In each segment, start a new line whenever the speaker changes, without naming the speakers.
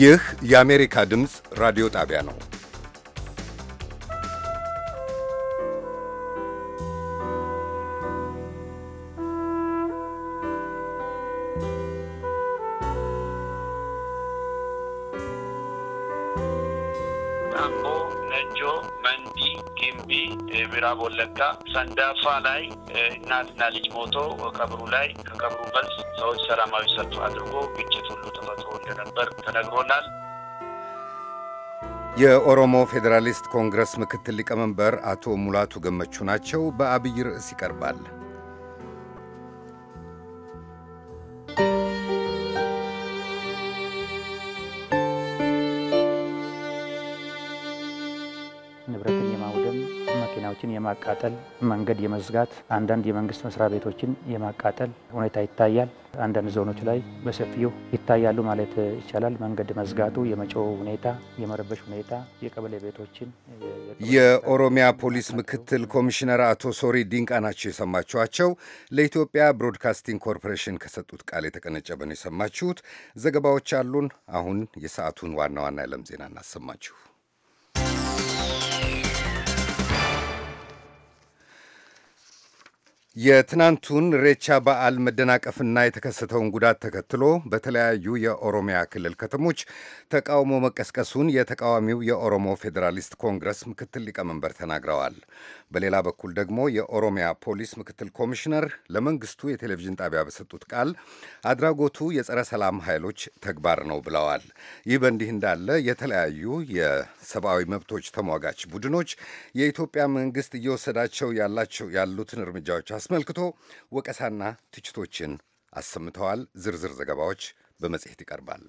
ይህ የአሜሪካ ድምፅ ራዲዮ ጣቢያ ነው።
ዳንጎ፣ ነጆ፣ መንዲ፣ ጊምቢ፣ ምዕራብ ወለጋ ሰንዳፋ ላይ እናትና ልጅ ሞቶ ቀብሩ ላይ ከቀብሩ መልስ ሰዎች ሰላማዊ ሰልፍ አድርጎ ግጭቱ እንደነበር ተነግሮናል።
የኦሮሞ ፌዴራሊስት ኮንግረስ ምክትል ሊቀመንበር አቶ ሙላቱ ገመቹ ናቸው። በአብይ ርዕስ ይቀርባል።
የማቃጠል መንገድ የመዝጋት አንዳንድ የመንግስት መስሪያ ቤቶችን የማቃጠል ሁኔታ ይታያል። አንዳንድ ዞኖች ላይ በሰፊው ይታያሉ ማለት
ይቻላል። መንገድ መዝጋቱ፣ የመጮው ሁኔታ፣ የመረበሽ ሁኔታ፣
የቀበሌ ቤቶችን
የኦሮሚያ ፖሊስ ምክትል ኮሚሽነር አቶ ሶሪ ዲንቃ ናቸው የሰማችኋቸው። ለኢትዮጵያ ብሮድካስቲንግ ኮርፖሬሽን ከሰጡት ቃል የተቀነጨበ ነው የሰማችሁት። ዘገባዎች አሉን። አሁን የሰዓቱን ዋና ዋና የዓለም ዜና እናሰማችሁ። የትናንቱን ሬቻ በዓል መደናቀፍና የተከሰተውን ጉዳት ተከትሎ በተለያዩ የኦሮሚያ ክልል ከተሞች ተቃውሞ መቀስቀሱን የተቃዋሚው የኦሮሞ ፌዴራሊስት ኮንግረስ ምክትል ሊቀመንበር ተናግረዋል። በሌላ በኩል ደግሞ የኦሮሚያ ፖሊስ ምክትል ኮሚሽነር ለመንግስቱ የቴሌቪዥን ጣቢያ በሰጡት ቃል አድራጎቱ የጸረ ሰላም ኃይሎች ተግባር ነው ብለዋል። ይህ በእንዲህ እንዳለ የተለያዩ የሰብአዊ መብቶች ተሟጋች ቡድኖች የኢትዮጵያ መንግስት እየወሰዳቸው ያላቸው ያሉትን እርምጃዎች አስመልክቶ ወቀሳና ትችቶችን አሰምተዋል። ዝርዝር ዘገባዎች በመጽሔት ይቀርባል።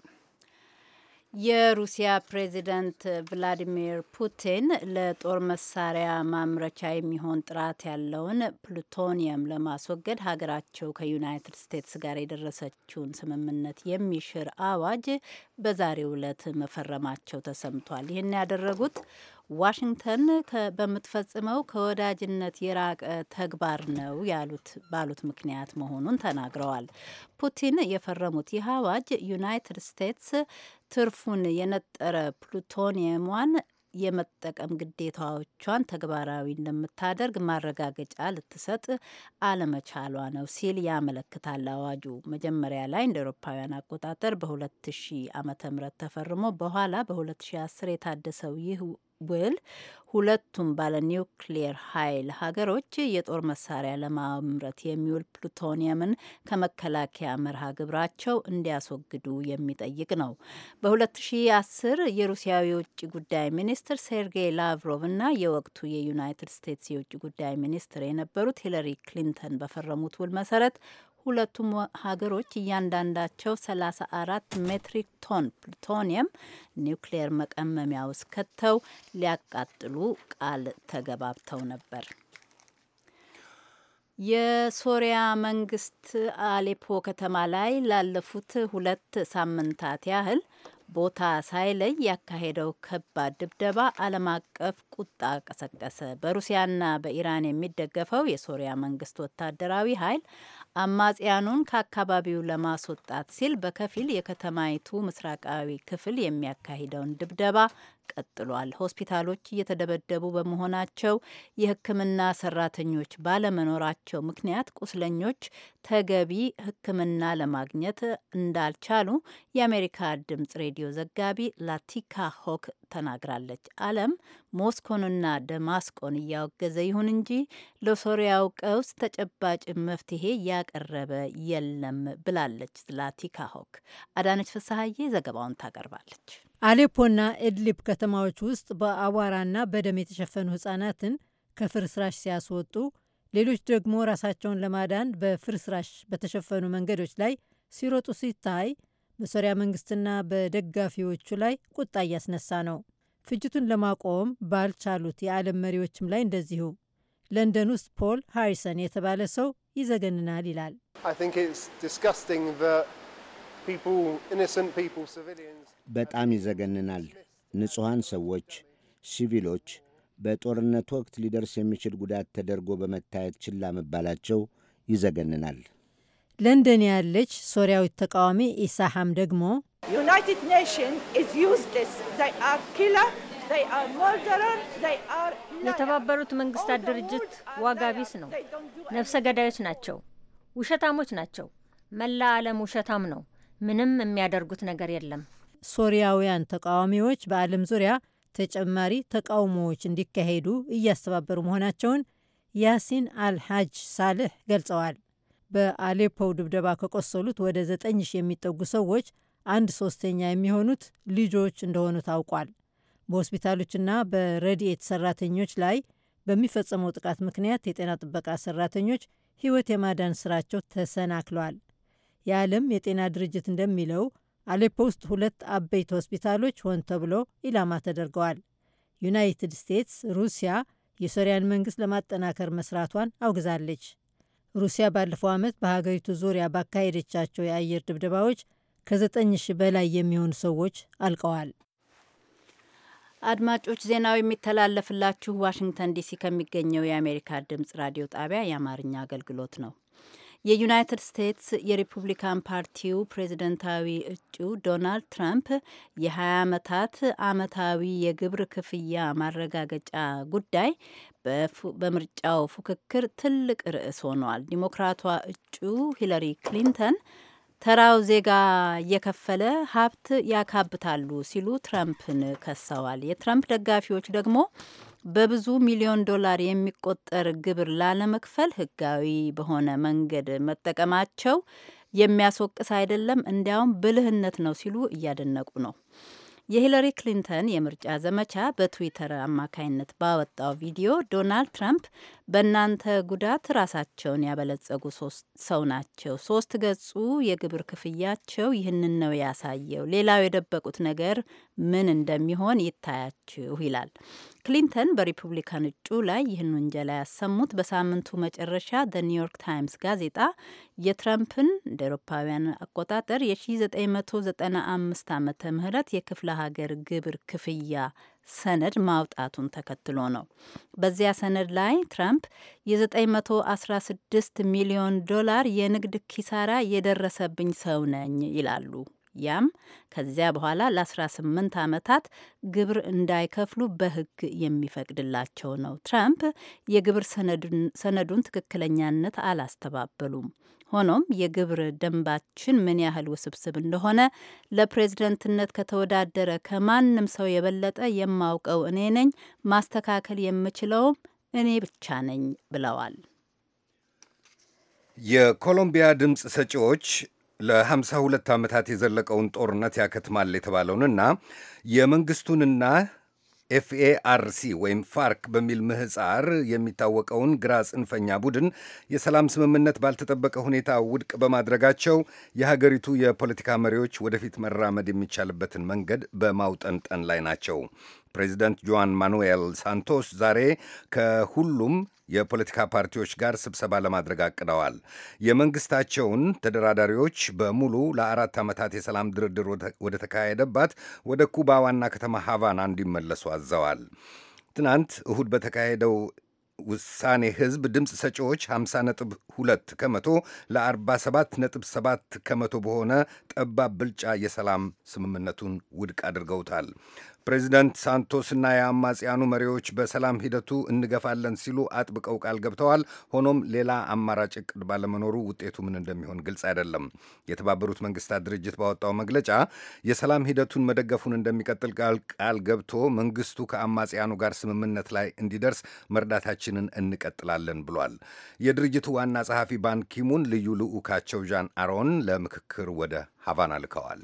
የሩሲያ ፕሬዚደንት ቭላዲሚር ፑቲን ለጦር መሳሪያ ማምረቻ የሚሆን ጥራት ያለውን ፕሉቶኒየም ለማስወገድ ሀገራቸው ከዩናይትድ ስቴትስ ጋር የደረሰችውን ስምምነት የሚሽር አዋጅ በዛሬው ዕለት መፈረማቸው ተሰምቷል። ይህን ያደረጉት ዋሽንግተን በምትፈጽመው ከወዳጅነት የራቀ ተግባር ነው ያሉት ባሉት ምክንያት መሆኑን ተናግረዋል። ፑቲን የፈረሙት ይህ አዋጅ ዩናይትድ ስቴትስ ትርፉን የነጠረ ፕሉቶኒየሟን የመጠቀም ግዴታዎቿን ተግባራዊ እንደምታደርግ ማረጋገጫ ልትሰጥ አለመቻሏ ነው ሲል ያመለክታል። አዋጁ መጀመሪያ ላይ እንደ ኤሮፓውያን አቆጣጠር በ2000 ዓ.ም ተፈርሞ በኋላ በ2010 የታደሰው ይህ will ሁለቱም ባለ ኒውክሊየር ኃይል ሀገሮች የጦር መሳሪያ ለማምረት የሚውል ፕሉቶኒየምን ከመከላከያ መርሃ ግብራቸው እንዲያስወግዱ የሚጠይቅ ነው። በ2010 የሩሲያ የውጭ ጉዳይ ሚኒስትር ሴርጌይ ላቭሮቭ እና የወቅቱ የዩናይትድ ስቴትስ የውጭ ጉዳይ ሚኒስትር የነበሩት ሂለሪ ክሊንተን በፈረሙት ውል መሰረት ሁለቱም ሀገሮች እያንዳንዳቸው 34 ሜትሪክ ቶን ፕሉቶኒየም ኒውክሌየር መቀመሚያ ውስጥ ከተው ሊያቃጥሉ ቃል ተገባብተው ነበር። የሶሪያ መንግስት አሌፖ ከተማ ላይ ላለፉት ሁለት ሳምንታት ያህል ቦታ ሳይለይ ያካሄደው ከባድ ድብደባ ዓለም አቀፍ ቁጣ ቀሰቀሰ። በሩሲያና በኢራን የሚደገፈው የሶሪያ መንግስት ወታደራዊ ኃይል አማጽያኑን ከአካባቢው ለማስወጣት ሲል በከፊል የከተማይቱ ምስራቃዊ ክፍል የሚያካሂደውን ድብደባ ቀጥሏል። ሆስፒታሎች እየተደበደቡ በመሆናቸው የሕክምና ሰራተኞች ባለመኖራቸው ምክንያት ቁስለኞች ተገቢ ሕክምና ለማግኘት እንዳልቻሉ የአሜሪካ ድምጽ ሬዲዮ ዘጋቢ ላቲካ ሆክ ተናግራለች። ዓለም ሞስኮንና ደማስቆን እያወገዘ ይሁን እንጂ ለሶሪያው ቀውስ ተጨባጭ መፍትሄ ያቀረበ የለም ብላለች ላቲካ ሆክ። አዳነች ፍስሀዬ ዘገባውን ታቀርባለች።
አሌፖና ኤድሊብ ከተማዎች ውስጥ በአቧራና በደም የተሸፈኑ ህጻናትን ከፍርስራሽ ሲያስወጡ፣ ሌሎች ደግሞ ራሳቸውን ለማዳን በፍርስራሽ በተሸፈኑ መንገዶች ላይ ሲሮጡ ሲታይ በሶሪያ መንግስትና በደጋፊዎቹ ላይ ቁጣ እያስነሳ ነው። ፍጅቱን ለማቆም ባልቻሉት የዓለም መሪዎችም ላይ እንደዚሁ። ለንደን ውስጥ ፖል ሃሪሰን የተባለ ሰው
ይዘገንናል ይላል።
በጣም ይዘገንናል። ንጹሐን ሰዎች ሲቪሎች በጦርነት ወቅት ሊደርስ የሚችል ጉዳት ተደርጎ በመታየት ችላ መባላቸው
ይዘገንናል። ለንደን ያለች ሶሪያዊት ተቃዋሚ ኢሳሐም ደግሞ
ዩናይትድ
የተባበሩት መንግስታት ድርጅት ዋጋ ቢስ ነው። ነፍሰ ገዳዮች ናቸው። ውሸታሞች ናቸው። መላ ዓለም ውሸታም ነው። ምንም የሚያደርጉት ነገር የለም።
ሶሪያውያን ተቃዋሚዎች በዓለም ዙሪያ ተጨማሪ ተቃውሞዎች እንዲካሄዱ እያስተባበሩ መሆናቸውን ያሲን አልሐጅ ሳልሕ ገልጸዋል። በአሌፖው ድብደባ ከቆሰሉት ወደ ዘጠኝ ሺህ የሚጠጉ ሰዎች አንድ ሶስተኛ የሚሆኑት ልጆች እንደሆኑ ታውቋል። በሆስፒታሎችና በረድኤት ሰራተኞች ላይ በሚፈጸመው ጥቃት ምክንያት የጤና ጥበቃ ሰራተኞች ሕይወት የማዳን ስራቸው ተሰናክሏል። የዓለም የጤና ድርጅት እንደሚለው አሌፖ ውስጥ ሁለት አበይት ሆስፒታሎች ሆን ተብሎ ኢላማ ተደርገዋል። ዩናይትድ ስቴትስ ሩሲያ የሶሪያን መንግስት ለማጠናከር መስራቷን አውግዛለች። ሩሲያ ባለፈው ዓመት በሀገሪቱ ዙሪያ ባካሄደቻቸው የአየር ድብደባዎች ከዘጠኝ ሺህ በላይ የሚሆኑ ሰዎች አልቀዋል።
አድማጮች ዜናው የሚተላለፍላችሁ ዋሽንግተን ዲሲ ከሚገኘው የአሜሪካ ድምጽ ራዲዮ ጣቢያ የአማርኛ አገልግሎት ነው። የዩናይትድ ስቴትስ የሪፑብሊካን ፓርቲው ፕሬዝደንታዊ እጩ ዶናልድ ትራምፕ የ20 ዓመታት አመታዊ የግብር ክፍያ ማረጋገጫ ጉዳይ በምርጫው ፉክክር ትልቅ ርዕስ ሆኗል። ዲሞክራቷ እጩ ሂለሪ ክሊንተን ተራው ዜጋ እየከፈለ ሀብት ያካብታሉ ሲሉ ትራምፕን ከሰዋል። የትራምፕ ደጋፊዎች ደግሞ በብዙ ሚሊዮን ዶላር የሚቆጠር ግብር ላለመክፈል ህጋዊ በሆነ መንገድ መጠቀማቸው የሚያስወቅስ አይደለም፣ እንዲያውም ብልህነት ነው ሲሉ እያደነቁ ነው። የሂለሪ ክሊንተን የምርጫ ዘመቻ በትዊተር አማካይነት ባወጣው ቪዲዮ ዶናልድ ትራምፕ በእናንተ ጉዳት ራሳቸውን ያበለጸጉ ሰው ናቸው፣ ሶስት ገጹ የግብር ክፍያቸው ይህንን ነው ያሳየው፣ ሌላው የደበቁት ነገር ምን እንደሚሆን ይታያችሁ ይላል። ክሊንተን በሪፑብሊካን እጩ ላይ ይህን ውንጀላ ያሰሙት በሳምንቱ መጨረሻ ደ ኒውዮርክ ታይምስ ጋዜጣ የትራምፕን እንደ ኤሮፓውያን አቆጣጠር የ1995 ዓ ምህረት የክፍለ ሀገር ግብር ክፍያ ሰነድ ማውጣቱን ተከትሎ ነው። በዚያ ሰነድ ላይ ትራምፕ የ916 ሚሊዮን ዶላር የንግድ ኪሳራ የደረሰብኝ ሰው ነኝ ይላሉ። ያም ከዚያ በኋላ ለ18 ዓመታት ግብር እንዳይከፍሉ በሕግ የሚፈቅድላቸው ነው። ትራምፕ የግብር ሰነዱን ትክክለኛነት አላስተባበሉም። ሆኖም የግብር ደንባችን ምን ያህል ውስብስብ እንደሆነ ለፕሬዝደንትነት ከተወዳደረ ከማንም ሰው የበለጠ የማውቀው እኔ ነኝ፣ ማስተካከል የምችለውም እኔ ብቻ ነኝ ብለዋል።
የኮሎምቢያ ድምፅ ሰጪዎች ለ ሁለት ዓመታት የዘለቀውን ጦርነት ያከትማል የተባለውንና የመንግስቱንና ኤፍኤአርሲ ወይም ፋርክ በሚል ምህፃር የሚታወቀውን ግራ ጽንፈኛ ቡድን የሰላም ስምምነት ባልተጠበቀ ሁኔታ ውድቅ በማድረጋቸው የሀገሪቱ የፖለቲካ መሪዎች ወደፊት መራመድ የሚቻልበትን መንገድ በማውጠንጠን ላይ ናቸው። ፕሬዚደንት ጆዋን ማኑኤል ሳንቶስ ዛሬ ከሁሉም የፖለቲካ ፓርቲዎች ጋር ስብሰባ ለማድረግ አቅደዋል። የመንግስታቸውን ተደራዳሪዎች በሙሉ ለአራት ዓመታት የሰላም ድርድር ወደ ተካሄደባት ወደ ኩባ ዋና ከተማ ሃቫና እንዲመለሱ አዘዋል። ትናንት እሁድ በተካሄደው ውሳኔ ህዝብ ድምፅ ሰጪዎች 52 ከመቶ ለ47.7 ከመቶ በሆነ ጠባብ ብልጫ የሰላም ስምምነቱን ውድቅ አድርገውታል። ፕሬዚደንት ሳንቶስና የአማጽያኑ መሪዎች በሰላም ሂደቱ እንገፋለን ሲሉ አጥብቀው ቃል ገብተዋል። ሆኖም ሌላ አማራጭ እቅድ ባለመኖሩ ውጤቱ ምን እንደሚሆን ግልጽ አይደለም። የተባበሩት መንግስታት ድርጅት ባወጣው መግለጫ የሰላም ሂደቱን መደገፉን እንደሚቀጥል ቃል ገብቶ መንግስቱ ከአማጽያኑ ጋር ስምምነት ላይ እንዲደርስ መርዳታችንን እንቀጥላለን ብሏል። የድርጅቱ ዋና ጸሐፊ ባንኪሙን ልዩ ልዑካቸው ዣን አሮን ለምክክር ወደ ሀቫና ልከዋል።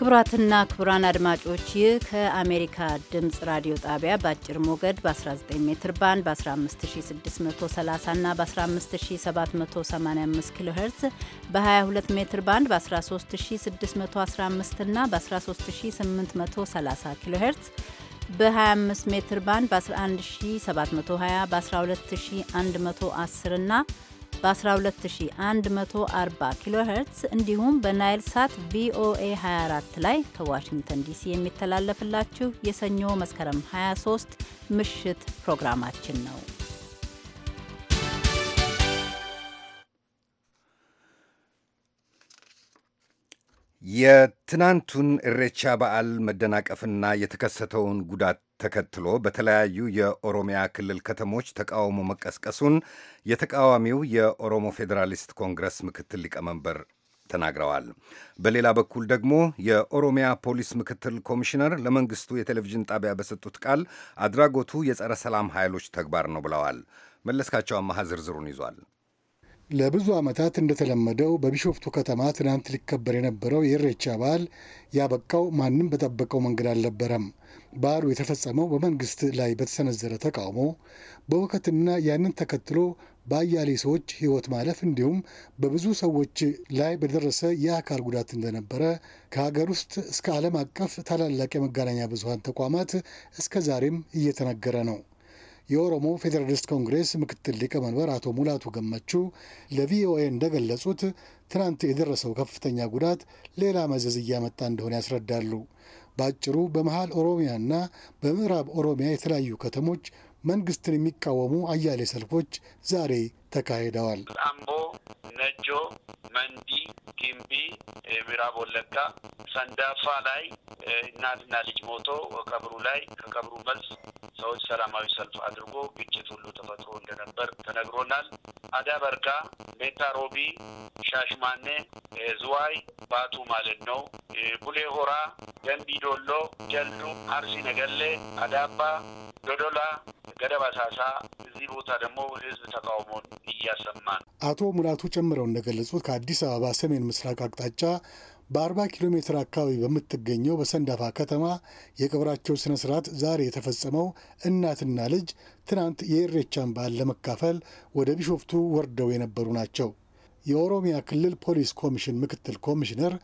ክቡራትና ክቡራን አድማጮች ይህ ከአሜሪካ ድምፅ ራዲዮ ጣቢያ በአጭር ሞገድ በ19 ሜትር ባንድ በ15630 እና በ15785 ኪሎ ሄርዝ በ22 ሜትር ባንድ በ13615 እና በ13830 ኪሎ ሄርዝ በ25 ሜትር ባንድ በ11720 በ12110 እና በ12140 ኪሎ ሄርትስ እንዲሁም በናይል ሳት ቪኦኤ 24 ላይ ከዋሽንግተን ዲሲ የሚተላለፍላችሁ የሰኞ መስከረም 23 ምሽት ፕሮግራማችን ነው።
የትናንቱን እሬቻ በዓል መደናቀፍና የተከሰተውን ጉዳት ተከትሎ በተለያዩ የኦሮሚያ ክልል ከተሞች ተቃውሞ መቀስቀሱን የተቃዋሚው የኦሮሞ ፌዴራሊስት ኮንግረስ ምክትል ሊቀመንበር ተናግረዋል። በሌላ በኩል ደግሞ የኦሮሚያ ፖሊስ ምክትል ኮሚሽነር ለመንግስቱ የቴሌቪዥን ጣቢያ በሰጡት ቃል አድራጎቱ የጸረ ሰላም ኃይሎች ተግባር ነው ብለዋል። መለስካቸው አማሃ ዝርዝሩን ይዟል።
ለብዙ ዓመታት እንደተለመደው በቢሾፍቱ ከተማ ትናንት ሊከበር የነበረው የኢሬቻ በዓል ያበቃው ማንም በጠበቀው መንገድ አልነበረም። በዓሉ የተፈጸመው በመንግስት ላይ በተሰነዘረ ተቃውሞ፣ በውከትና ያንን ተከትሎ በአያሌ ሰዎች ሕይወት ማለፍ እንዲሁም በብዙ ሰዎች ላይ በደረሰ የአካል ጉዳት እንደነበረ ከሀገር ውስጥ እስከ ዓለም አቀፍ ታላላቅ የመገናኛ ብዙሃን ተቋማት እስከ ዛሬም እየተነገረ ነው። የኦሮሞ ፌዴራሊስት ኮንግሬስ ምክትል ሊቀመንበር አቶ ሙላቱ ገመቹ ለቪኦኤ እንደገለጹት ትናንት የደረሰው ከፍተኛ ጉዳት ሌላ መዘዝ እያመጣ እንደሆነ ያስረዳሉ። በአጭሩ በመሃል ኦሮሚያና በምዕራብ ኦሮሚያ የተለያዩ ከተሞች መንግስትን የሚቃወሙ አያሌ ሰልፎች ዛሬ ተካሂደዋል። አምቦ፣
ነጆ፣ መንዲ፣ ጊምቢ፣ ምዕራብ ወለጋ፣ ሰንዳፋ ላይ እናትና ልጅ ሞቶ ቀብሩ ላይ ከቀብሩ መልስ ሰዎች ሰላማዊ ሰልፍ አድርጎ ግጭት ሁሉ ተፈጥሮ እንደነበር ተነግሮናል። አዳ በርጋ፣ ሜታ ሮቢ፣ ሻሽማኔ፣ ዝዋይ፣ ባቱ ማለት ነው። ቡሌ ሆራ፣ ደንቢ ዶሎ፣ ጀልዱ፣ አርሲ ነገሌ፣ አዳባ፣ ዶዶላ፣ ገደብ አሳሳ እዚህ ቦታ ደግሞ ህዝብ ተቃውሞን እያሰማ ነው።
አቶ ሙላቱ ጨምረው እንደገለጹት ከአዲስ አበባ ሰሜን ምስራቅ አቅጣጫ በአርባ ኪሎ ሜትር አካባቢ በምትገኘው በሰንዳፋ ከተማ የቅብራቸው ስነ ስርዓት ዛሬ የተፈጸመው እናትና ልጅ ትናንት የኢሬቻን በዓል ለመካፈል ወደ ቢሾፍቱ ወርደው የነበሩ ናቸው። የኦሮሚያ ክልል ፖሊስ ኮሚሽን ምክትል ኮሚሽነር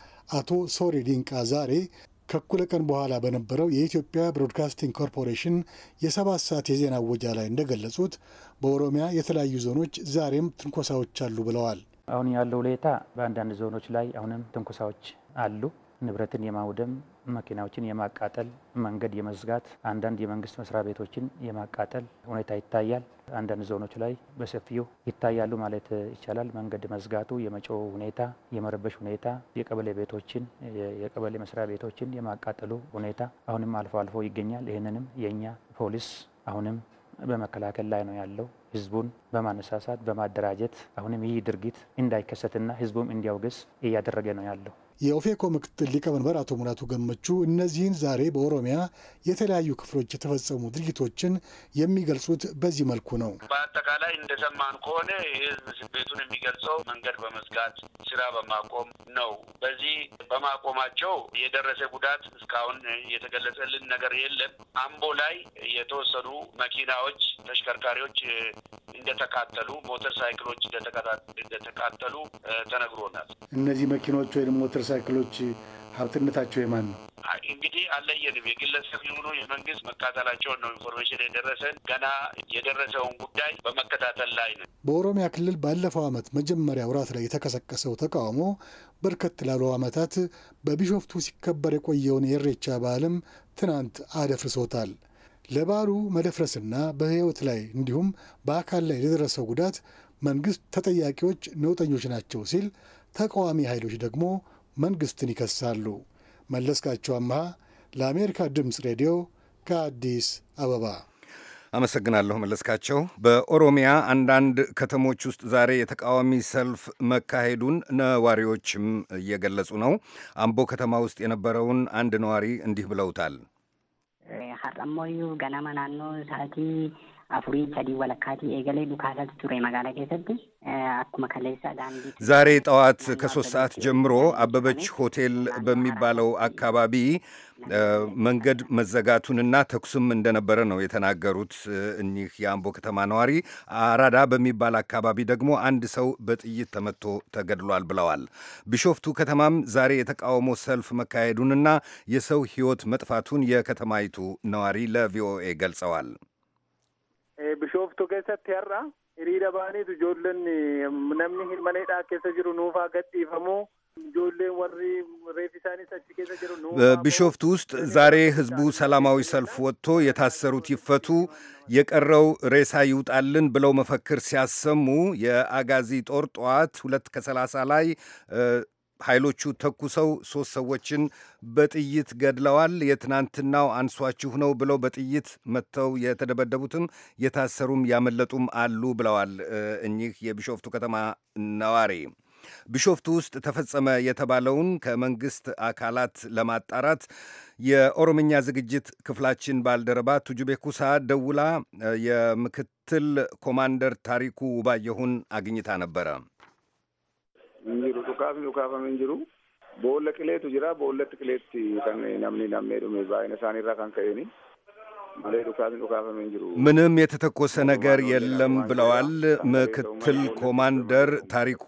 አቶ ሶሪ ዲንቃ ዛሬ ከእኩለ ቀን በኋላ በነበረው የኢትዮጵያ ብሮድካስቲንግ ኮርፖሬሽን የሰባት ሰዓት የዜና እወጃ ላይ እንደገለጹት በኦሮሚያ የተለያዩ ዞኖች ዛሬም ትንኮሳዎች አሉ ብለዋል።
አሁን ያለው ሁኔታ በአንዳንድ ዞኖች ላይ አሁንም ትንኮሳዎች አሉ። ንብረትን የማውደም መኪናዎችን የማቃጠል መንገድ የመዝጋት አንዳንድ የመንግስት መስሪያ ቤቶችን የማቃጠል ሁኔታ ይታያል። አንዳንድ ዞኖች ላይ በሰፊው ይታያሉ ማለት ይቻላል። መንገድ መዝጋቱ፣ የመጮ ሁኔታ፣ የመረበሽ ሁኔታ፣ የቀበሌ ቤቶችን የቀበሌ መስሪያ ቤቶችን የማቃጠሉ ሁኔታ አሁንም አልፎ አልፎ ይገኛል። ይህንንም የእኛ ፖሊስ አሁንም በመከላከል ላይ ነው ያለው። ህዝቡን በማነሳሳት በማደራጀት አሁንም ይህ ድርጊት እንዳይከሰትና ህዝቡም እንዲያውግስ እያደረገ ነው ያለው።
የኦፌኮ ምክትል ሊቀመንበር አቶ ሙላቱ ገመቹ እነዚህን ዛሬ በኦሮሚያ የተለያዩ ክፍሎች የተፈጸሙ ድርጊቶችን የሚገልጹት በዚህ መልኩ ነው።
በአጠቃላይ እንደሰማን ከሆነ የህዝብ ቤቱን የሚገልጸው መንገድ በመዝጋት ስራ በማቆም ነው። በዚህ በማቆማቸው የደረሰ ጉዳት እስካሁን የተገለጸልን ነገር የለም። አምቦ ላይ የተወሰኑ መኪናዎች፣ ተሽከርካሪዎች እንደተቃጠሉ፣ ሞተር ሳይክሎች እንደተቃጠሉ ተነግሮናል።
እነዚህ መኪኖች ወይም ሞተር ሞተርሳይክሎች ሀብትነታቸው የማን ነው?
እንግዲህ አለየንም። የግለሰብ የሆኑ የመንግስት መቃጠላቸውን ነው ኢንፎርሜሽን የደረሰን። ገና የደረሰውን ጉዳይ በመከታተል ላይ ነው።
በኦሮሚያ ክልል ባለፈው አመት መጀመሪያ ውራት ላይ የተቀሰቀሰው ተቃውሞ በርከት ላሉ አመታት በቢሾፍቱ ሲከበር የቆየውን የእሬቻ በዓልም ትናንት አደፍርሶታል። ለበዓሉ መደፍረስና በህይወት ላይ እንዲሁም በአካል ላይ ለደረሰው ጉዳት መንግስት ተጠያቂዎች ነውጠኞች ናቸው ሲል ተቃዋሚ ኃይሎች ደግሞ መንግስትን ይከሳሉ። መለስካቸው አመሃ ለአሜሪካ ድምፅ ሬዲዮ ከአዲስ አበባ
አመሰግናለሁ መለስካቸው። በኦሮሚያ አንዳንድ ከተሞች ውስጥ ዛሬ የተቃዋሚ ሰልፍ መካሄዱን ነዋሪዎችም እየገለጹ ነው። አምቦ ከተማ ውስጥ የነበረውን አንድ ነዋሪ እንዲህ ብለውታል።
ሀረሞዩ ገናማ ሳቲ afurii sadii ወለካቲ ኤገሌ dukaasaatu ቱሬ መጋላ keessatti
akkuma kaleessa ዳንዲ ዛሬ ጠዋት ከሶስት ሰዓት ጀምሮ አበበች ሆቴል በሚባለው አካባቢ መንገድ መዘጋቱንና ተኩስም እንደነበረ ነው የተናገሩት እኚህ የአምቦ ከተማ ነዋሪ። አራዳ በሚባል አካባቢ ደግሞ አንድ ሰው በጥይት ተመቶ ተገድሏል ብለዋል። ቢሾፍቱ ከተማም ዛሬ የተቃውሞ ሰልፍ መካሄዱንና የሰው ሕይወት መጥፋቱን የከተማይቱ ነዋሪ ለቪኦኤ ገልጸዋል።
Bishooftu keessatti har'a hiriira ba'aniitu ijoolleen namni hin hirmaneedhaa keessa jiru nuufaa gadhiifamuu ijoolleen warri reefi achi keessa jiru
በቢሾፍቱ ውስጥ ዛሬ ህዝቡ ሰላማዊ ሰልፍ ወጥቶ የታሰሩት ይፈቱ፣ የቀረው ሬሳ ይውጣልን ብለው መፈክር ሲያሰሙ የአጋዚ ጦር ጠዋት ሁለት ከሰላሳ ላይ ኃይሎቹ ተኩሰው ሦስት ሰዎችን በጥይት ገድለዋል። የትናንትናው አንሷችሁ ነው ብለው በጥይት መጥተው የተደበደቡትም የታሰሩም ያመለጡም አሉ ብለዋል እኚህ የቢሾፍቱ ከተማ ነዋሪ። ቢሾፍቱ ውስጥ ተፈጸመ የተባለውን ከመንግስት አካላት ለማጣራት የኦሮምኛ ዝግጅት ክፍላችን ባልደረባ ቱጁቤ ኩሳ ደውላ የምክትል ኮማንደር ታሪኩ ውባየሁን አግኝታ ነበረ።
hin jiru dhukaaf dhukaafam hin jiru. Boolla qileetu jira boollatti qileetti kan namni namnee dhume baay'ina isaaniirraa kan ka'een ምንም
የተተኮሰ ነገር የለም ብለዋል ምክትል ኮማንደር ታሪኩ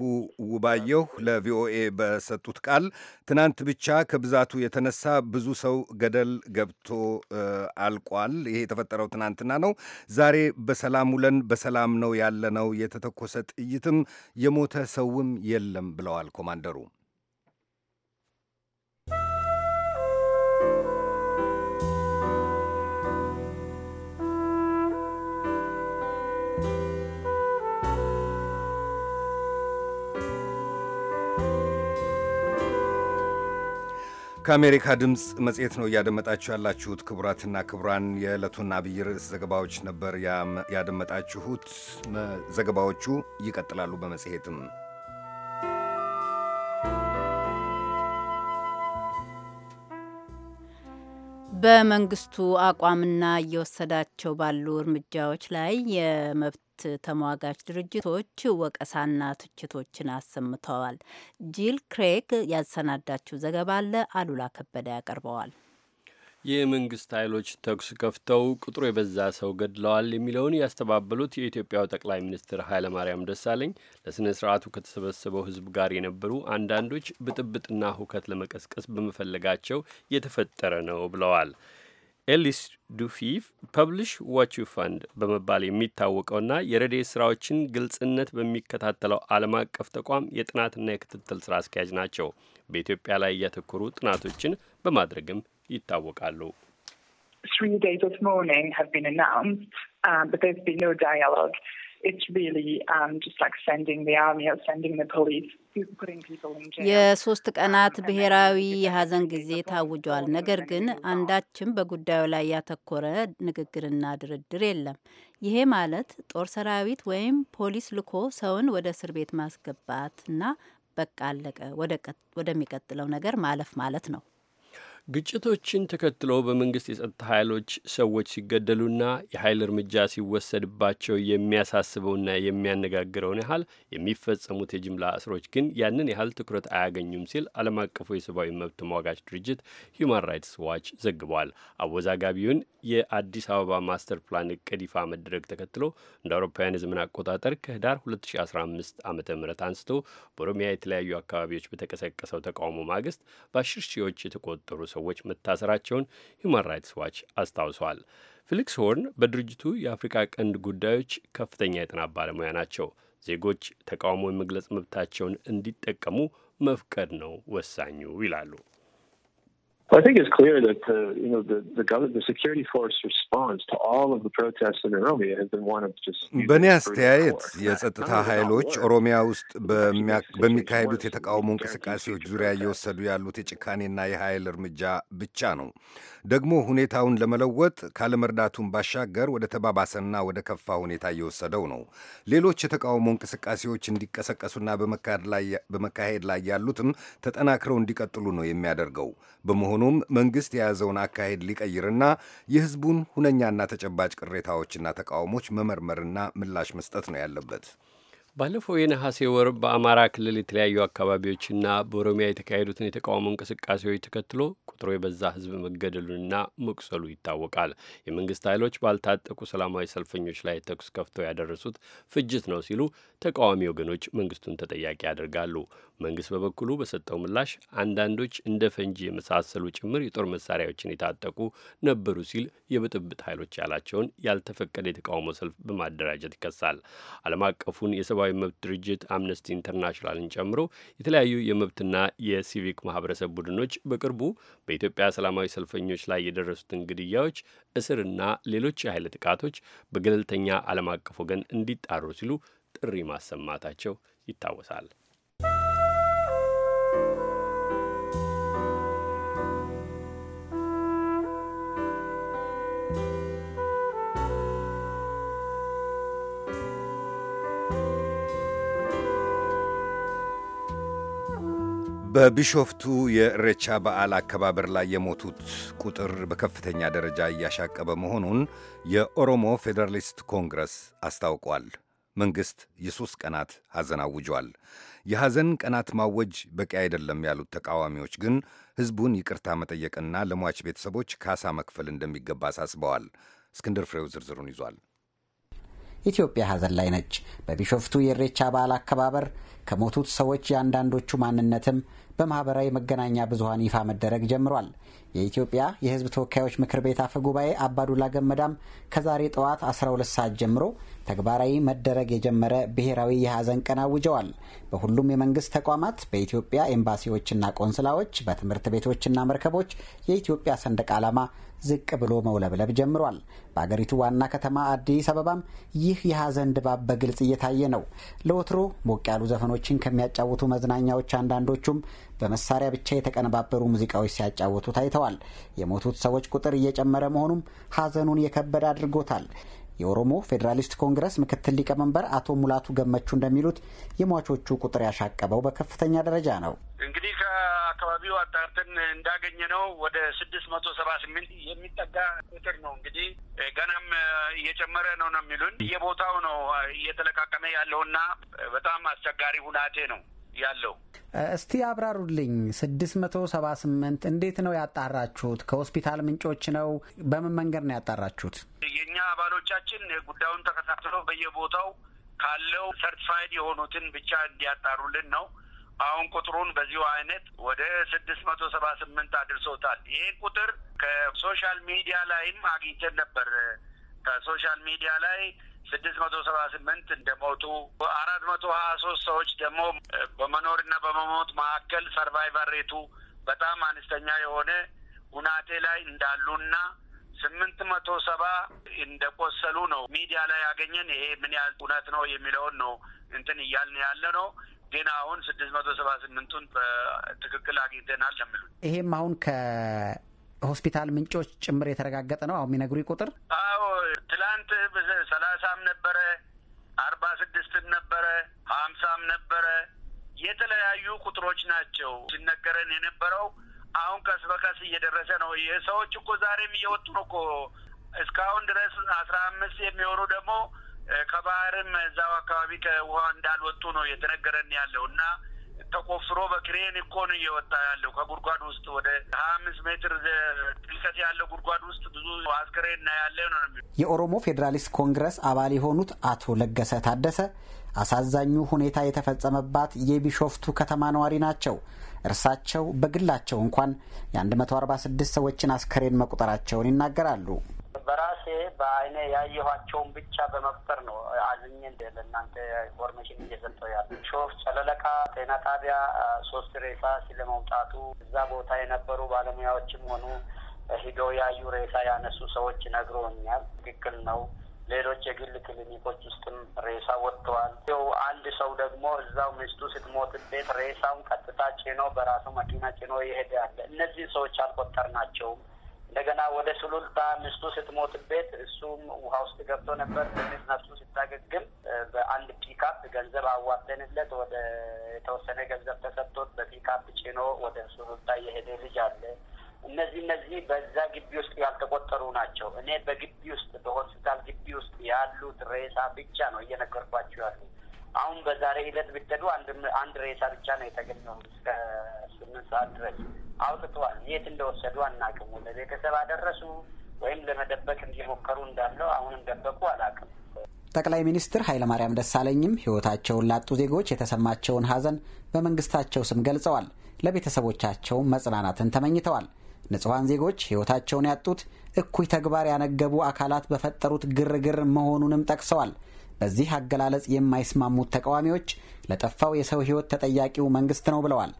ውባየሁ ለቪኦኤ በሰጡት ቃል። ትናንት ብቻ ከብዛቱ የተነሳ ብዙ ሰው ገደል ገብቶ አልቋል። ይሄ የተፈጠረው ትናንትና ነው። ዛሬ በሰላም ውለን በሰላም ነው ያለነው። የተተኮሰ ጥይትም የሞተ ሰውም የለም ብለዋል ኮማንደሩ። ከአሜሪካ ድምፅ መጽሔት ነው እያደመጣችሁ ያላችሁት። ክቡራትና ክቡራን የዕለቱን አብይ ርዕስ ዘገባዎች ነበር ያደመጣችሁት። ዘገባዎቹ ይቀጥላሉ። በመጽሔትም
በመንግስቱ አቋምና እየወሰዳቸው ባሉ እርምጃዎች ላይ የመብት ሁለት ተሟጋች ድርጅቶች ወቀሳና ትችቶችን አሰምተዋል። ጂል ክሬግ ያሰናዳችው ዘገባ አለ አሉላ ከበደ ያቀርበዋል።
የመንግስት ኃይሎች ተኩስ ከፍተው ቁጥሩ የበዛ ሰው ገድለዋል የሚለውን ያስተባበሉት የኢትዮጵያው ጠቅላይ ሚኒስትር ኃይለማርያም ደሳለኝ ለሥነ ሥርዓቱ ከተሰበሰበው ሕዝብ ጋር የነበሩ አንዳንዶች ብጥብጥና ሁከት ለመቀስቀስ በመፈለጋቸው የተፈጠረ ነው ብለዋል። ኤሊስ ዱፊ ፐብሊሽ ዋቹ ፈንድ በመባል የሚታወቀውና የረዴ ስራዎችን ግልጽነት በሚከታተለው ዓለም አቀፍ ተቋም የጥናትና የክትትል ስራ አስኪያጅ ናቸው። በኢትዮጵያ ላይ እያተኮሩ ጥናቶችን በማድረግም ይታወቃሉ።
Three days of mourning have been announced,
uh, but there's been no dialogue.
የሶስት um, ቀናት ብሔራዊ የሀዘን ጊዜ ታውጇል። ነገር ግን አንዳችም በጉዳዩ ላይ ያተኮረ ንግግርና ድርድር የለም። ይሄ ማለት ጦር ሰራዊት ወይም ፖሊስ ልኮ ሰውን ወደ እስር ቤት ማስገባትና በቃ አለቀ ወደሚቀጥለው ነገር ማለፍ ማለት ነው።
ግጭቶችን ተከትሎ በመንግስት የጸጥታ ኃይሎች ሰዎች ሲገደሉና የኃይል እርምጃ ሲወሰድባቸው የሚያሳስበውና የሚያነጋግረውን ያህል የሚፈጸሙት የጅምላ እስሮች ግን ያንን ያህል ትኩረት አያገኙም ሲል ዓለም አቀፉ የሰብአዊ መብት ተሟጋች ድርጅት ሁማን ራይትስ ዋች ዘግቧል። አወዛጋቢውን የአዲስ አበባ ማስተር ፕላን እቅድ ይፋ መደረግ ተከትሎ እንደ አውሮፓውያን የዘመን አቆጣጠር ከህዳር 2015 ዓ ም አንስቶ በኦሮሚያ የተለያዩ አካባቢዎች በተቀሰቀሰው ተቃውሞ ማግስት በአስር ሺዎች የተቆጠሩ ሰዎች መታሰራቸውን ሁማን ራይትስ ዋች አስታውሷል። ፊሊክስ ሆርን በድርጅቱ የአፍሪካ ቀንድ ጉዳዮች ከፍተኛ የጥናት ባለሙያ ናቸው። ዜጎች ተቃውሞ የመግለጽ መብታቸውን እንዲጠቀሙ መፍቀድ ነው ወሳኙ ይላሉ። Well, I think it's clear that the, you know the security force response to all of the protests in
Oromia has been one of just.
በእኔ አስተያየት የጸጥታ ኃይሎች ኦሮሚያ ውስጥ በሚካሄዱት የተቃውሞ እንቅስቃሴዎች ዙሪያ እየወሰዱ ያሉት የጭካኔና የኃይል እርምጃ ብቻ ነው። ደግሞ ሁኔታውን ለመለወጥ ካለመርዳቱን ባሻገር ወደ ተባባሰና ወደ ከፋ ሁኔታ እየወሰደው ነው። ሌሎች የተቃውሞ እንቅስቃሴዎች እንዲቀሰቀሱና በመካሄድ ላይ ያሉትም ተጠናክረው እንዲቀጥሉ ነው የሚያደርገው በመሆኑ በመሆኑም መንግሥት የያዘውን አካሄድ ሊቀይርና የሕዝቡን ሁነኛና ተጨባጭ ቅሬታዎችና ተቃውሞች መመርመርና ምላሽ መስጠት ነው ያለበት።
ባለፈው የነሐሴ ወር በአማራ ክልል የተለያዩ አካባቢዎችና በኦሮሚያ የተካሄዱትን የተቃውሞ እንቅስቃሴዎች ተከትሎ ቁጥሩ የበዛ ህዝብ መገደሉንና መቁሰሉ ይታወቃል። የመንግስት ኃይሎች ባልታጠቁ ሰላማዊ ሰልፈኞች ላይ ተኩስ ከፍተው ያደረሱት ፍጅት ነው ሲሉ ተቃዋሚ ወገኖች መንግስቱን ተጠያቂ ያደርጋሉ። መንግስት በበኩሉ በሰጠው ምላሽ አንዳንዶች እንደ ፈንጂ የመሳሰሉ ጭምር የጦር መሳሪያዎችን የታጠቁ ነበሩ ሲል የብጥብጥ ኃይሎች ያላቸውን ያልተፈቀደ የተቃውሞ ሰልፍ በማደራጀት ይከሳል። ዓለም አቀፉን የሰብአዊ መብት ድርጅት አምነስቲ ኢንተርናሽናልን ጨምሮ የተለያዩ የመብትና የሲቪክ ማህበረሰብ ቡድኖች በቅርቡ በኢትዮጵያ ሰላማዊ ሰልፈኞች ላይ የደረሱትን ግድያዎች፣ እስርና ሌሎች የኃይል ጥቃቶች በገለልተኛ ዓለም አቀፍ ወገን እንዲጣሩ ሲሉ ጥሪ ማሰማታቸው ይታወሳል።
በቢሾፍቱ የእሬቻ በዓል አከባበር ላይ የሞቱት ቁጥር በከፍተኛ ደረጃ እያሻቀበ መሆኑን የኦሮሞ ፌዴራሊስት ኮንግረስ አስታውቋል። መንግሥት የሦስት ቀናት ሐዘን አውጇል። የሐዘን ቀናት ማወጅ በቂ አይደለም ያሉት ተቃዋሚዎች ግን ሕዝቡን ይቅርታ መጠየቅና ለሟች ቤተሰቦች ካሳ መክፈል እንደሚገባ አሳስበዋል። እስክንድር ፍሬው ዝርዝሩን ይዟል።
ኢትዮጵያ ሐዘን ላይ ነች። በቢሾፍቱ የእሬቻ በዓል አከባበር ከሞቱት ሰዎች የአንዳንዶቹ ማንነትም በማህበራዊ መገናኛ ብዙሀን ይፋ መደረግ ጀምሯል። የኢትዮጵያ የሕዝብ ተወካዮች ምክር ቤት አፈ ጉባኤ አባዱላ ገመዳም ከዛሬ ጠዋት 12 ሰዓት ጀምሮ ተግባራዊ መደረግ የጀመረ ብሔራዊ የሐዘን ቀን አውጀዋል። በሁሉም የመንግስት ተቋማት፣ በኢትዮጵያ ኤምባሲዎችና ቆንስላዎች፣ በትምህርት ቤቶችና መርከቦች የኢትዮጵያ ሰንደቅ ዓላማ ዝቅ ብሎ መውለብለብ ጀምሯል። በአገሪቱ ዋና ከተማ አዲስ አበባም ይህ የሐዘን ድባብ በግልጽ እየታየ ነው። ለወትሮ ሞቅ ያሉ ዘፈኖችን ከሚያጫውቱ መዝናኛዎች አንዳንዶቹም በመሳሪያ ብቻ የተቀነባበሩ ሙዚቃዎች ሲያጫወቱ ታይተዋል። የሞቱት ሰዎች ቁጥር እየጨመረ መሆኑም ሀዘኑን የከበደ አድርጎታል። የኦሮሞ ፌዴራሊስት ኮንግረስ ምክትል ሊቀመንበር አቶ ሙላቱ ገመቹ እንደሚሉት የሟቾቹ ቁጥር ያሻቀበው በከፍተኛ ደረጃ ነው። እንግዲህ ከአካባቢው አጣርተን እንዳገኘ ነው ወደ ስድስት መቶ ሰባ ስምንት የሚጠጋ ቁጥር ነው። እንግዲህ
ገናም እየጨመረ ነው ነው የሚሉን። የቦታው ነው እየተለቃቀመ ያለውና በጣም አስቸጋሪ ሁናቴ ነው ያለው።
እስቲ ያብራሩልኝ። ስድስት መቶ ሰባ ስምንት እንዴት ነው ያጣራችሁት? ከሆስፒታል ምንጮች ነው? በምን መንገድ ነው ያጣራችሁት?
የእኛ አባሎቻችን ጉዳዩን ተከታትለው በየቦታው ካለው ሰርቲፋይድ የሆኑትን ብቻ እንዲያጣሩልን ነው። አሁን ቁጥሩን በዚሁ አይነት ወደ ስድስት መቶ ሰባ ስምንት አድርሶታል። ይሄን ቁጥር ከሶሻል ሚዲያ ላይም አግኝተን ነበር። ከሶሻል ሚዲያ ላይ ስድስት መቶ ሰባ ስምንት እንደሞቱ አራት መቶ ሀያ ሶስት ሰዎች ደግሞ በመኖርና በመሞት መካከል ሰርቫይቨር ሬቱ በጣም አነስተኛ የሆነ ሁናቴ ላይ እንዳሉና ስምንት መቶ ሰባ እንደቆሰሉ ነው ሚዲያ ላይ ያገኘን። ይሄ ምን ያህል እውነት ነው የሚለውን ነው እንትን እያልን ያለ ነው። ግን አሁን ስድስት መቶ ሰባ ስምንቱን በትክክል አግኝተናል ለምሉ
ይሄም አሁን ከ ሆስፒታል ምንጮች ጭምር የተረጋገጠ ነው አሁን የሚነግሩ ቁጥር? አዎ
ትላንት ሰላሳም ነበረ አርባ ስድስትም ነበረ ሀምሳም ነበረ የተለያዩ ቁጥሮች ናቸው ሲነገረን የነበረው። አሁን ቀስ በቀስ እየደረሰ ነው። ሰዎች እኮ ዛሬም እየወጡ ነው እኮ እስካሁን ድረስ አስራ አምስት የሚሆኑ ደግሞ ከባህርም እዛው አካባቢ ከውሃ እንዳልወጡ ነው እየተነገረን ያለው እና ተቆፍሮ በክሬን እኮ ነው እየወጣ ያለው ከጉድጓድ ውስጥ ወደ ሀያ
አምስት ሜትር ጥልቀት ያለው ጉድጓድ ውስጥ ብዙ አስከሬን ና ያለ ነው። የኦሮሞ ፌዴራሊስት ኮንግረስ አባል የሆኑት አቶ ለገሰ ታደሰ አሳዛኙ ሁኔታ የተፈጸመባት የቢሾፍቱ ከተማ ነዋሪ ናቸው። እርሳቸው በግላቸው እንኳን የ146 ሰዎችን አስከሬን መቁጠራቸውን ይናገራሉ።
በራሴ በአይኔ ያየኋቸውን ብቻ በመፍጠር ነው አዝኜ እንደ ለእናንተ ኢንፎርሜሽን እየሰጠው ያለ ሾፍ ጨለለቃ ጤና ጣቢያ ሶስት ሬሳ ስለመውጣቱ እዛ ቦታ የነበሩ ባለሙያዎችም ሆኑ ሂደው ያዩ ሬሳ ያነሱ ሰዎች ነግሮኛል። ትክክል ነው። ሌሎች የግል ክሊኒኮች ውስጥም ሬሳ ወጥተዋል። ው አንድ ሰው ደግሞ እዛው ሚስቱ ስትሞትበት ሬሳውን ቀጥታ ጭኖ በራሱ መኪና ጭኖ ይሄዳል። እነዚህ ሰዎች ናቸውም። እንደገና ወደ ሱሉልታ ሚስቱ ስትሞትበት እሱም ውሃ ውስጥ ገብቶ ነበር። ትንሽ ነፍሱ ሲታገግም በአንድ ፒካፕ ገንዘብ አዋተንለት ወደ የተወሰነ ገንዘብ ተሰጥቶት በፒካፕ ጭኖ ወደ ሱሉልታ የሄደ ልጅ አለ። እነዚህ እነዚህ በዛ ግቢ ውስጥ ያልተቆጠሩ ናቸው። እኔ በግቢ ውስጥ በሆስፒታል ግቢ ውስጥ ያሉት ሬሳ ብቻ ነው እየነገርኳቸው ያሉ። አሁን በዛሬ ዕለት ብትሄዱ አንድ ሬሳ ብቻ ነው የተገኘው እስከ ስምንት ሰዓት ድረስ አውጥተዋል። የት እንደወሰዱ አናውቅም። ለቤተሰብ አደረሱ ወይም ለመደበቅ እንዲሞከሩ እንዳለው አሁንም ደበቁ አላውቅም።
ጠቅላይ ሚኒስትር ኃይለማርያም ደሳለኝም ሕይወታቸውን ላጡ ዜጎች የተሰማቸውን ሐዘን በመንግስታቸው ስም ገልጸዋል። ለቤተሰቦቻቸው መጽናናትን ተመኝተዋል። ንጹሐን ዜጎች ሕይወታቸውን ያጡት እኩይ ተግባር ያነገቡ አካላት በፈጠሩት ግርግር መሆኑንም ጠቅሰዋል። በዚህ አገላለጽ የማይስማሙት ተቃዋሚዎች ለጠፋው የሰው ሕይወት ተጠያቂው መንግስት ነው ብለዋል።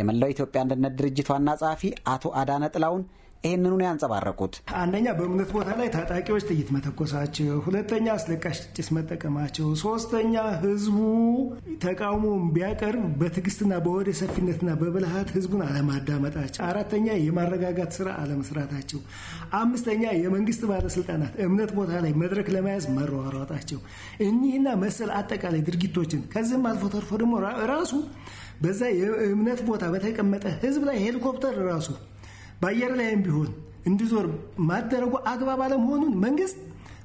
የመላው ኢትዮጵያ አንድነት ድርጅት ዋና ጸሐፊ አቶ አዳነ ጥላውን ይህንኑ ነው ያንጸባረቁት።
አንደኛ በእምነት ቦታ ላይ ታጣቂዎች ጥይት መተኮሳቸው፣ ሁለተኛ አስለቃሽ ጭስ መጠቀማቸው፣ ሶስተኛ ህዝቡ ተቃውሞን ቢያቀርብ
በትዕግስትና በወደ ሰፊነትና በብልሃት ህዝቡን አለማዳመጣቸው፣ አራተኛ የማረጋጋት ስራ አለመስራታቸው፣ አምስተኛ የመንግስት ባለስልጣናት እምነት ቦታ ላይ መድረክ ለመያዝ መሯሯጣቸው እኒህና መሰል አጠቃላይ ድርጊቶችን ከዚህም አልፎ ተርፎ ደግሞ ራሱ በዛ የእምነት ቦታ በተቀመጠ ህዝብ ላይ ሄሊኮፕተር ራሱ በአየር ላይም ቢሆን እንዲዞር ማደረጉ አግባብ አለመሆኑን መንግስት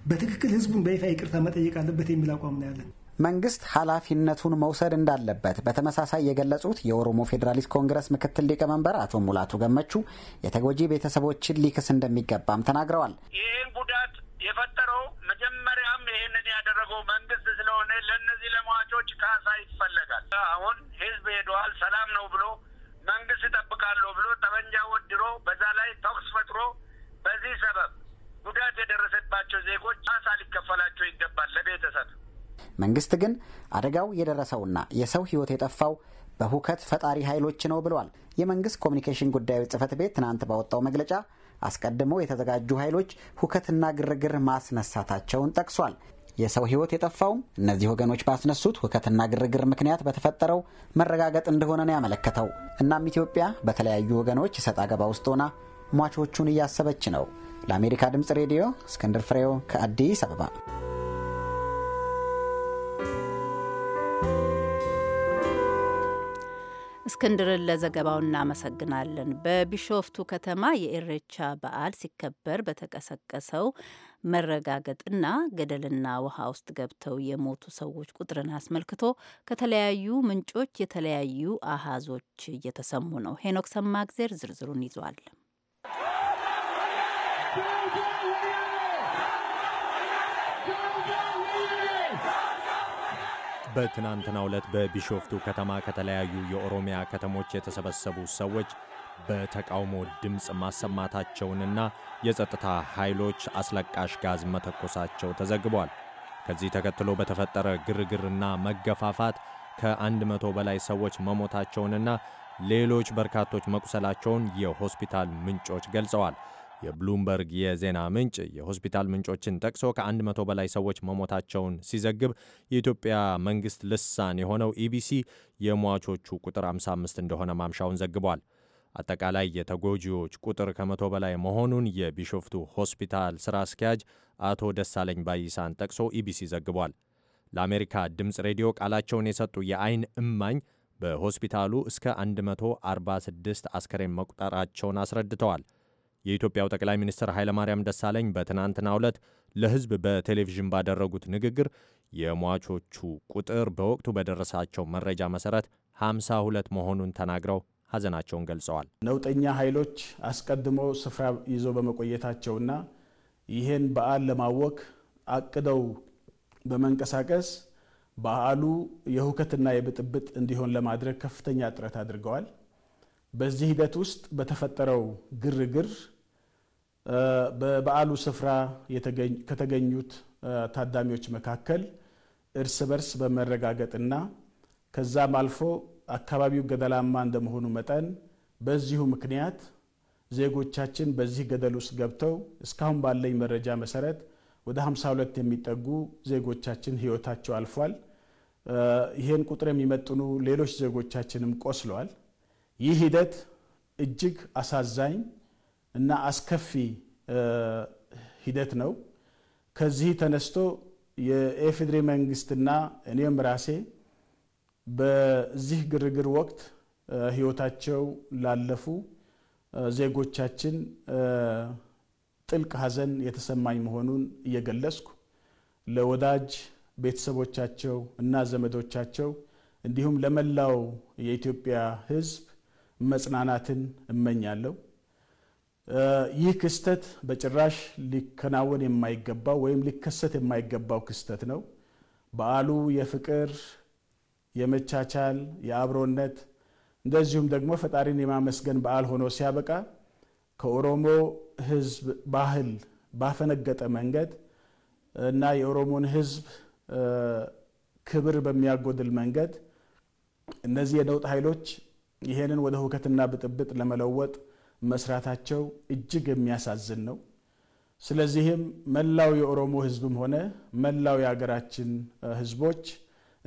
በትክክል ህዝቡን በይፋ ይቅርታ መጠየቅ አለበት የሚል አቋም ነው ያለን።
መንግስት ኃላፊነቱን መውሰድ እንዳለበት በተመሳሳይ የገለጹት የኦሮሞ ፌዴራሊስት ኮንግረስ ምክትል ሊቀመንበር አቶ ሙላቱ ገመቹ የተጎጂ ቤተሰቦችን ሊክስ እንደሚገባም ተናግረዋል።
ይህን ጉዳት የፈጠረው መጀመሪያም ይህንን ያደረገው መንግስት ስለሆነ ለእነዚህ ለሟቾች ካሳ ይፈለጋል። አሁን ህዝብ ሄደዋል ሰላም ነው ብሎ መንግስት እጠብቃለሁ ብሎ ጠመንጃ ወድሮ በዛ ላይ ተኩስ ፈጥሮ በዚህ ሰበብ ጉዳት የደረሰባቸው ዜጎች ካሳ ሊከፈላቸው
ይገባል ለቤተሰብ። መንግስት ግን አደጋው የደረሰውና የሰው ህይወት የጠፋው በሁከት ፈጣሪ ኃይሎች ነው ብሏል። የመንግስት ኮሚኒኬሽን ጉዳዮች ጽህፈት ቤት ትናንት ባወጣው መግለጫ አስቀድመው የተዘጋጁ ኃይሎች ሁከትና ግርግር ማስነሳታቸውን ጠቅሷል። የሰው ሕይወት የጠፋውም እነዚህ ወገኖች ባስነሱት ሁከትና ግርግር ምክንያት በተፈጠረው መረጋገጥ እንደሆነ ነው ያመለከተው። እናም ኢትዮጵያ በተለያዩ ወገኖች እሰጥ አገባ ውስጥ ሆና ሟቾቹን እያሰበች ነው። ለአሜሪካ ድምፅ ሬዲዮ እስክንድር ፍሬው ከአዲስ አበባ
እስክንድርን ለዘገባው እናመሰግናለን። በቢሾፍቱ ከተማ የኢሬቻ በዓል ሲከበር በተቀሰቀሰው መረጋገጥና ገደልና ውሃ ውስጥ ገብተው የሞቱ ሰዎች ቁጥርን አስመልክቶ ከተለያዩ ምንጮች የተለያዩ አሃዞች እየተሰሙ ነው። ሄኖክ ሰማግዜር ዝርዝሩን ይዟል።
በትናንትናው ዕለት በቢሾፍቱ ከተማ ከተለያዩ የኦሮሚያ ከተሞች የተሰበሰቡ ሰዎች በተቃውሞ ድምፅ ማሰማታቸውንና የጸጥታ ኃይሎች አስለቃሽ ጋዝ መተኮሳቸው ተዘግቧል። ከዚህ ተከትሎ በተፈጠረ ግርግርና መገፋፋት ከአንድ መቶ በላይ ሰዎች መሞታቸውንና ሌሎች በርካቶች መቁሰላቸውን የሆስፒታል ምንጮች ገልጸዋል። የብሉምበርግ የዜና ምንጭ የሆስፒታል ምንጮችን ጠቅሶ ከ100 በላይ ሰዎች መሞታቸውን ሲዘግብ የኢትዮጵያ መንግሥት ልሳን የሆነው ኢቢሲ የሟቾቹ ቁጥር 55 እንደሆነ ማምሻውን ዘግቧል። አጠቃላይ የተጎጂዎች ቁጥር ከመቶ በላይ መሆኑን የቢሾፍቱ ሆስፒታል ሥራ አስኪያጅ አቶ ደሳለኝ ባይሳን ጠቅሶ ኢቢሲ ዘግቧል። ለአሜሪካ ድምፅ ሬዲዮ ቃላቸውን የሰጡ የአይን እማኝ በሆስፒታሉ እስከ 146 አስከሬን መቁጠራቸውን አስረድተዋል። የኢትዮጵያው ጠቅላይ ሚኒስትር ኃይለማርያም ደሳለኝ በትናንትናው ዕለት ለሕዝብ በቴሌቪዥን ባደረጉት ንግግር የሟቾቹ ቁጥር በወቅቱ በደረሳቸው መረጃ መሰረት 52 መሆኑን ተናግረው ሐዘናቸውን ገልጸዋል።
ነውጠኛ ኃይሎች አስቀድሞ ስፍራ ይዘው በመቆየታቸውና ይህን በዓል ለማወክ አቅደው በመንቀሳቀስ በዓሉ የሁከትና የብጥብጥ እንዲሆን ለማድረግ ከፍተኛ ጥረት አድርገዋል። በዚህ ሂደት ውስጥ በተፈጠረው ግርግር በበዓሉ ስፍራ ከተገኙት ታዳሚዎች መካከል እርስ በርስ በመረጋገጥና ከዛም አልፎ አካባቢው ገደላማ እንደመሆኑ መጠን በዚሁ ምክንያት ዜጎቻችን በዚህ ገደል ውስጥ ገብተው እስካሁን ባለኝ መረጃ መሰረት ወደ 52 የሚጠጉ ዜጎቻችን ህይወታቸው አልፏል። ይህን ቁጥር የሚመጥኑ ሌሎች ዜጎቻችንም ቆስለዋል። ይህ ሂደት እጅግ አሳዛኝ እና አስከፊ ሂደት ነው። ከዚህ ተነስቶ የኢፌዴሪ መንግስትና እኔም ራሴ በዚህ ግርግር ወቅት ህይወታቸው ላለፉ ዜጎቻችን ጥልቅ ሐዘን የተሰማኝ መሆኑን እየገለጽኩ ለወዳጅ ቤተሰቦቻቸው እና ዘመዶቻቸው እንዲሁም ለመላው የኢትዮጵያ ህዝብ መጽናናትን እመኛለሁ። ይህ ክስተት በጭራሽ ሊከናወን የማይገባው ወይም ሊከሰት የማይገባው ክስተት ነው። በዓሉ የፍቅር፣ የመቻቻል፣ የአብሮነት እንደዚሁም ደግሞ ፈጣሪን የማመስገን በዓል ሆኖ ሲያበቃ ከኦሮሞ ሕዝብ ባህል ባፈነገጠ መንገድ እና የኦሮሞን ሕዝብ ክብር በሚያጎድል መንገድ እነዚህ የነውጥ ኃይሎች ይሄንን ወደ ሁከትና ብጥብጥ ለመለወጥ መስራታቸው እጅግ የሚያሳዝን ነው። ስለዚህም መላው የኦሮሞ ህዝብም ሆነ መላው የሀገራችን ህዝቦች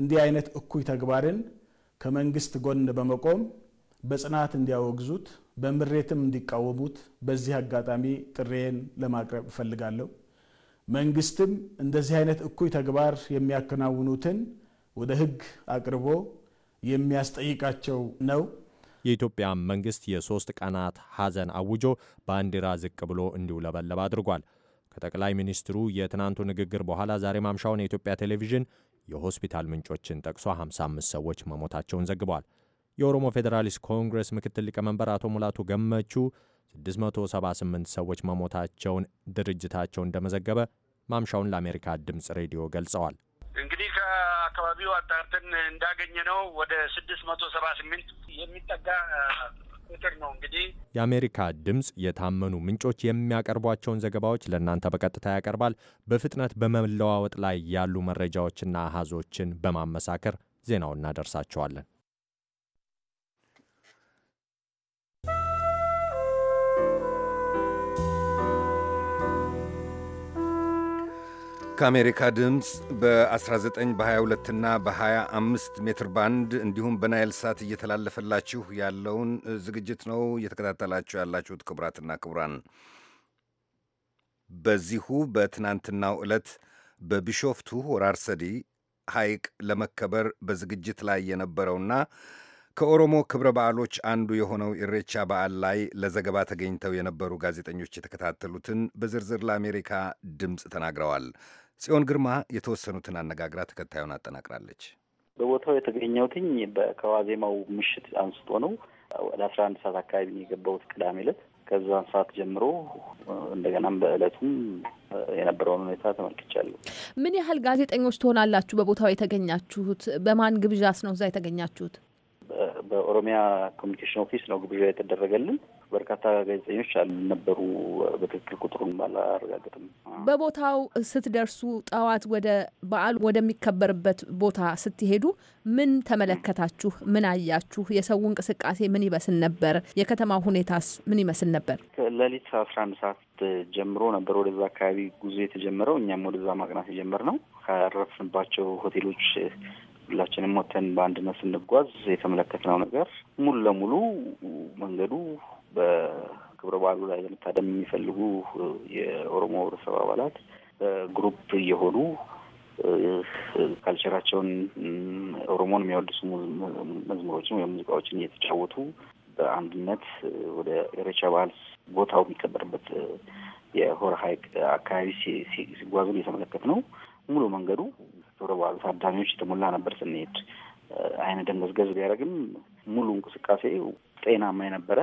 እንዲህ አይነት እኩይ ተግባርን ከመንግስት ጎን በመቆም በጽናት እንዲያወግዙት፣ በምሬትም እንዲቃወሙት በዚህ አጋጣሚ ጥሬን ለማቅረብ እፈልጋለሁ። መንግስትም እንደዚህ አይነት እኩይ ተግባር የሚያከናውኑትን
ወደ ህግ አቅርቦ የሚያስጠይቃቸው ነው። የኢትዮጵያ መንግስት የሶስት ቀናት ሐዘን አውጆ ባንዲራ ዝቅ ብሎ እንዲውለበለብ አድርጓል። ከጠቅላይ ሚኒስትሩ የትናንቱ ንግግር በኋላ ዛሬ ማምሻውን የኢትዮጵያ ቴሌቪዥን የሆስፒታል ምንጮችን ጠቅሶ 55 ሰዎች መሞታቸውን ዘግቧል። የኦሮሞ ፌዴራሊስት ኮንግረስ ምክትል ሊቀመንበር አቶ ሙላቱ ገመቹ 678 ሰዎች መሞታቸውን ድርጅታቸው እንደመዘገበ ማምሻውን ለአሜሪካ ድምፅ ሬዲዮ ገልጸዋል። እንግዲህ ከአካባቢው አጣርተን እንዳገኘ
ነው ወደ ስድስት መቶ ሰባ ስምንት የሚጠጋ ቁጥር ነው። እንግዲህ
የአሜሪካ ድምፅ የታመኑ ምንጮች የሚያቀርቧቸውን ዘገባዎች ለእናንተ በቀጥታ ያቀርባል። በፍጥነት በመለዋወጥ ላይ ያሉ መረጃዎችና አሃዞችን በማመሳከር ዜናውን እናደርሳቸዋለን።
ከአሜሪካ ድምፅ በ19 በ22 እና በ25 ሜትር ባንድ እንዲሁም በናይል ሳት እየተላለፈላችሁ ያለውን ዝግጅት ነው እየተከታተላችሁ ያላችሁት። ክቡራትና ክቡራን በዚሁ በትናንትናው ዕለት በቢሾፍቱ ወራርሰዲ ሐይቅ ለመከበር በዝግጅት ላይ የነበረውና ከኦሮሞ ክብረ በዓሎች አንዱ የሆነው ኢሬቻ በዓል ላይ ለዘገባ ተገኝተው የነበሩ ጋዜጠኞች የተከታተሉትን በዝርዝር ለአሜሪካ ድምፅ ተናግረዋል። ጽዮን ግርማ የተወሰኑትን አነጋግራ ተከታዩን አጠናቅራለች።
በቦታው የተገኘሁትኝ ከዋዜማው ምሽት አንስቶ ነው። ወደ አስራ አንድ ሰዓት አካባቢ የገባሁት ቅዳሜ ዕለት። ከዛን ሰዓት ጀምሮ እንደገናም በእለቱም የነበረውን ሁኔታ ተመልክቻለሁ።
ምን ያህል ጋዜጠኞች ትሆናላችሁ በቦታው የተገኛችሁት? በማን ግብዣስ ነው እዛ የተገኛችሁት?
በኦሮሚያ ኮሚኒኬሽን ኦፊስ ነው ግብዣ የተደረገልን። በርካታ ጋዜጠኞች አልነበሩ። በትክክል ቁጥሩን ባላረጋገጥም
በቦታው ስትደርሱ ጠዋት ወደ በዓሉ ወደሚከበርበት ቦታ ስትሄዱ ምን ተመለከታችሁ? ምን አያችሁ? የሰው እንቅስቃሴ ምን ይመስል ነበር? የከተማው ሁኔታስ ምን ይመስል ነበር?
ከሌሊት አስራ አንድ ሰዓት ጀምሮ ነበር ወደዛ አካባቢ ጉዞ የተጀመረው። እኛም ወደዛ ማቅናት የጀመርነው ካረፍንባቸው ሆቴሎች ሁላችንም ወተን በአንድነት ስንጓዝ የተመለከትነው ነገር ሙሉ ለሙሉ መንገዱ በክብረ በዓሉ ላይ ለመታደም የሚፈልጉ የኦሮሞ ህብረተሰብ አባላት ግሩፕ እየሆኑ ካልቸራቸውን ኦሮሞን የሚያወድሱ መዝሙሮችን ወይም ሙዚቃዎችን እየተጫወቱ በአንድነት ወደ ኢሬቻ በዓል ቦታው የሚከበርበት የሆረ ሐይቅ አካባቢ ሲጓዙን እየተመለከት ነው። ሙሉ መንገዱ ክብረ በዓሉ ታዳሚዎች የተሞላ ነበር። ስንሄድ አይነ ደንገዝገዝ ቢያደርግም ሙሉ እንቅስቃሴ ጤናማ የነበረ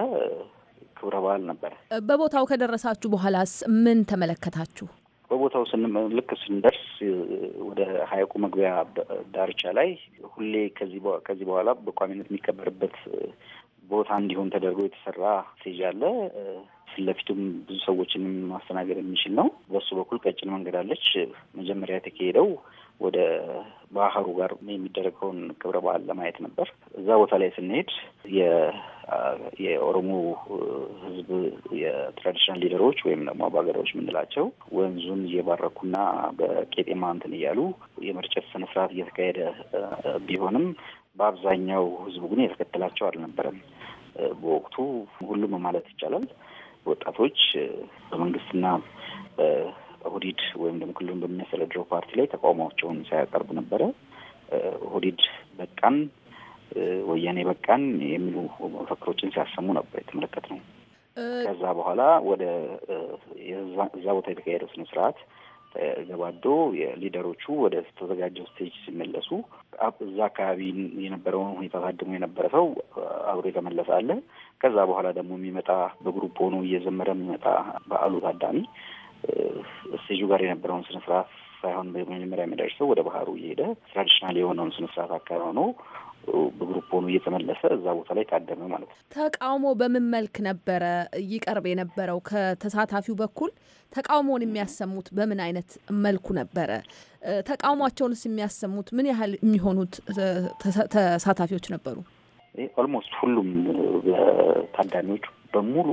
ክብረ በዓል ነበር።
በቦታው ከደረሳችሁ በኋላስ ምን ተመለከታችሁ?
በቦታው ልክ ስንደርስ ወደ ሀይቁ መግቢያ ዳርቻ ላይ ሁሌ ከዚህ በኋላ በቋሚነት የሚከበርበት ቦታ እንዲሆን ተደርጎ የተሰራ ስቴጅ አለ። ፊት ለፊቱም ብዙ ሰዎችን ማስተናገድ የሚችል ነው። በሱ በኩል ቀጭን መንገድ አለች። መጀመሪያ የተካሄደው ወደ ባህሩ ጋር የሚደረገውን ክብረ በዓል ለማየት ነበር። እዛ ቦታ ላይ ስንሄድ የኦሮሞ ህዝብ የትራዲሽናል ሊደሮች ወይም ደግሞ አባገዳዎች የምንላቸው ወንዙን እየባረኩና በቄጤማ እንትን እያሉ የመርጨት ስነስርት እየተካሄደ ቢሆንም በአብዛኛው ህዝቡ ግን የተከተላቸው አልነበረም። በወቅቱ ሁሉም ማለት ይቻላል ወጣቶች በመንግስትና ሁዲድ ወይም ደግሞ ክልሉን በሚያስተዳድረው ፓርቲ ላይ ተቃውሟቸውን ሳያቀርቡ ነበረ። ሁዲድ በቃን፣ ወያኔ በቃን የሚሉ መፈክሮችን ሲያሰሙ ነበር የተመለከት ነው። ከዛ በኋላ ወደ እዛ ቦታ የተካሄደው ስነ ስርዓት ገባዶ የሊደሮቹ ወደ ተዘጋጀው ስቴጅ ሲመለሱ እዛ አካባቢ የነበረውን ሁኔታ ታድሞ የነበረ ሰው አብሮ የተመለሰ አለ። ከዛ በኋላ ደግሞ የሚመጣ በግሩፕ ሆኖ እየዘመረ የሚመጣ በዓሉ ታዳሚ እስቴጁ ጋር የነበረውን ስነስርዓት ሳይሆን በመጀመሪያ የሚደርሰው ወደ ባህሩ እየሄደ ትራዲሽናል የሆነውን ስነስርዓት አካባቢ ሆኖ በግሩፕ ሆኖ እየተመለሰ እዛ ቦታ ላይ ታደመ ማለት ነው።
ተቃውሞ በምን መልክ ነበረ ይቀርብ የነበረው? ከተሳታፊው በኩል ተቃውሞውን የሚያሰሙት በምን አይነት መልኩ ነበረ? ተቃውሟቸውንስ የሚያሰሙት ምን ያህል የሚሆኑት ተሳታፊዎች ነበሩ?
ኦልሞስት ሁሉም ታዳሚዎች በሙሉ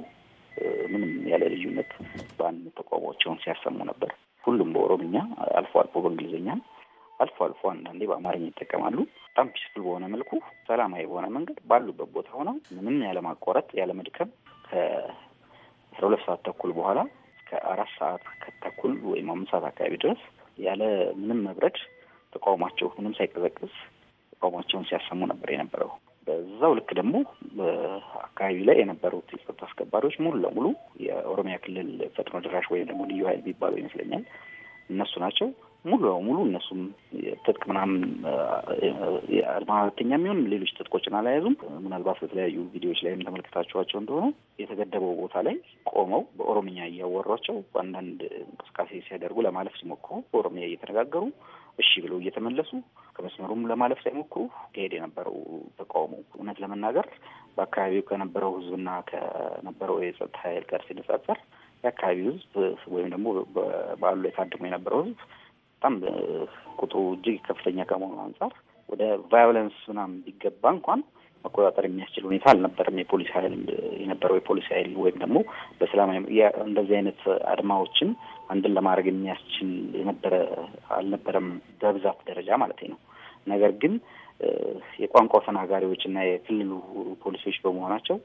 ምንም ያለ ልዩነት በአንድ ተቋማቸውን ሲያሰሙ ነበር። ሁሉም በኦሮምኛ አልፎ አልፎ በእንግሊዝኛ፣ አልፎ አልፎ አንዳንዴ በአማርኛ ይጠቀማሉ። በጣም ፒስፉል በሆነ መልኩ ሰላማዊ በሆነ መንገድ ባሉበት ቦታ ሆነው ምንም ያለማቋረጥ ያለመድከም ከአስራ ሁለት ሰዓት ተኩል በኋላ እስከ አራት ሰዓት ከተኩል ወይም አምስት ሰዓት አካባቢ ድረስ ያለ ምንም መብረድ ተቃውሟቸው ምንም ሳይቀዘቅዝ ተቃውሟቸውን ሲያሰሙ ነበር የነበረው። በዛው ልክ ደግሞ አካባቢ ላይ የነበሩት የጸጥታ አስከባሪዎች ሙሉ ለሙሉ የኦሮሚያ ክልል ፈጥኖ ድራሽ ወይም ደግሞ ልዩ ኃይል የሚባለው ይመስለኛል እነሱ ናቸው። ሙሉ ለሙሉ እነሱም ትጥቅ ምናምን አድማ የሚሆን ሌሎች ትጥቆችን አላያዙም። ምናልባት በተለያዩ ቪዲዮዎች ላይም ተመልክታችኋቸው እንደሆነ የተገደበው ቦታ ላይ ቆመው በኦሮምኛ እያወሯቸው አንዳንድ እንቅስቃሴ ሲያደርጉ ለማለፍ ሲሞክሩ በኦሮምኛ እየተነጋገሩ እሺ ብለው እየተመለሱ ከመስመሩም ለማለፍ ሳይሞክሩ ከሄድ የነበረው ተቃውሞ እውነት ለመናገር በአካባቢው ከነበረው ህዝብና ከነበረው የጸጥታ ኃይል ጋር ሲነጻጸር የአካባቢው ህዝብ ወይም ደግሞ በዓሉ ላይ ታድሞ የነበረው ህዝብ በጣም ቁጥሩ እጅግ ከፍተኛ ከመሆኑ አንጻር ወደ ቫዮለንስ ምናምን ቢገባ እንኳን መቆጣጠር የሚያስችል ሁኔታ አልነበረም። የፖሊስ ኃይል የነበረው የፖሊስ ኃይል ወይም ደግሞ በሰላማዊ እንደዚህ አይነት አድማዎችን አንድን ለማድረግ የሚያስችል የነበረ አልነበረም፣ በብዛት ደረጃ ማለት ነው። ነገር ግን የቋንቋው ተናጋሪዎች እና የክልሉ ፖሊሶች በመሆናቸው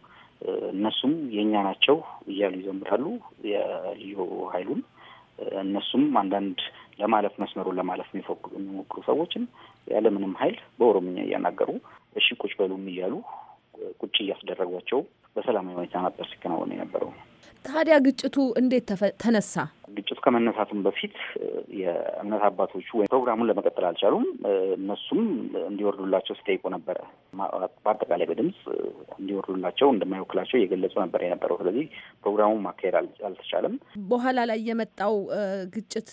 እነሱም የእኛ ናቸው እያሉ ይዘምራሉ የልዩ ኃይሉን እነሱም አንዳንድ ለማለፍ መስመሩን ለማለፍ የሚሞክሩ ሰዎችን ያለምንም ኃይል በኦሮምኛ እያናገሩ እሺ ቁጭ በሉም እያሉ ቁጭ እያስደረጓቸው በሰላማዊ ሁኔታ ነበር ሲከናወን የነበረው።
ታዲያ ግጭቱ እንዴት ተነሳ?
ግጭቱ ከመነሳቱም በፊት የእምነት አባቶቹ ወይም ፕሮግራሙን ለመቀጠል አልቻሉም። እነሱም እንዲወርዱላቸው ሲጠይቁ ነበረ። በአጠቃላይ በድምፅ እንዲወርዱላቸው እንደማይወክላቸው እየገለጹ ነበር የነበረው። ስለዚህ ፕሮግራሙን ማካሄድ አልተቻለም።
በኋላ ላይ የመጣው ግጭት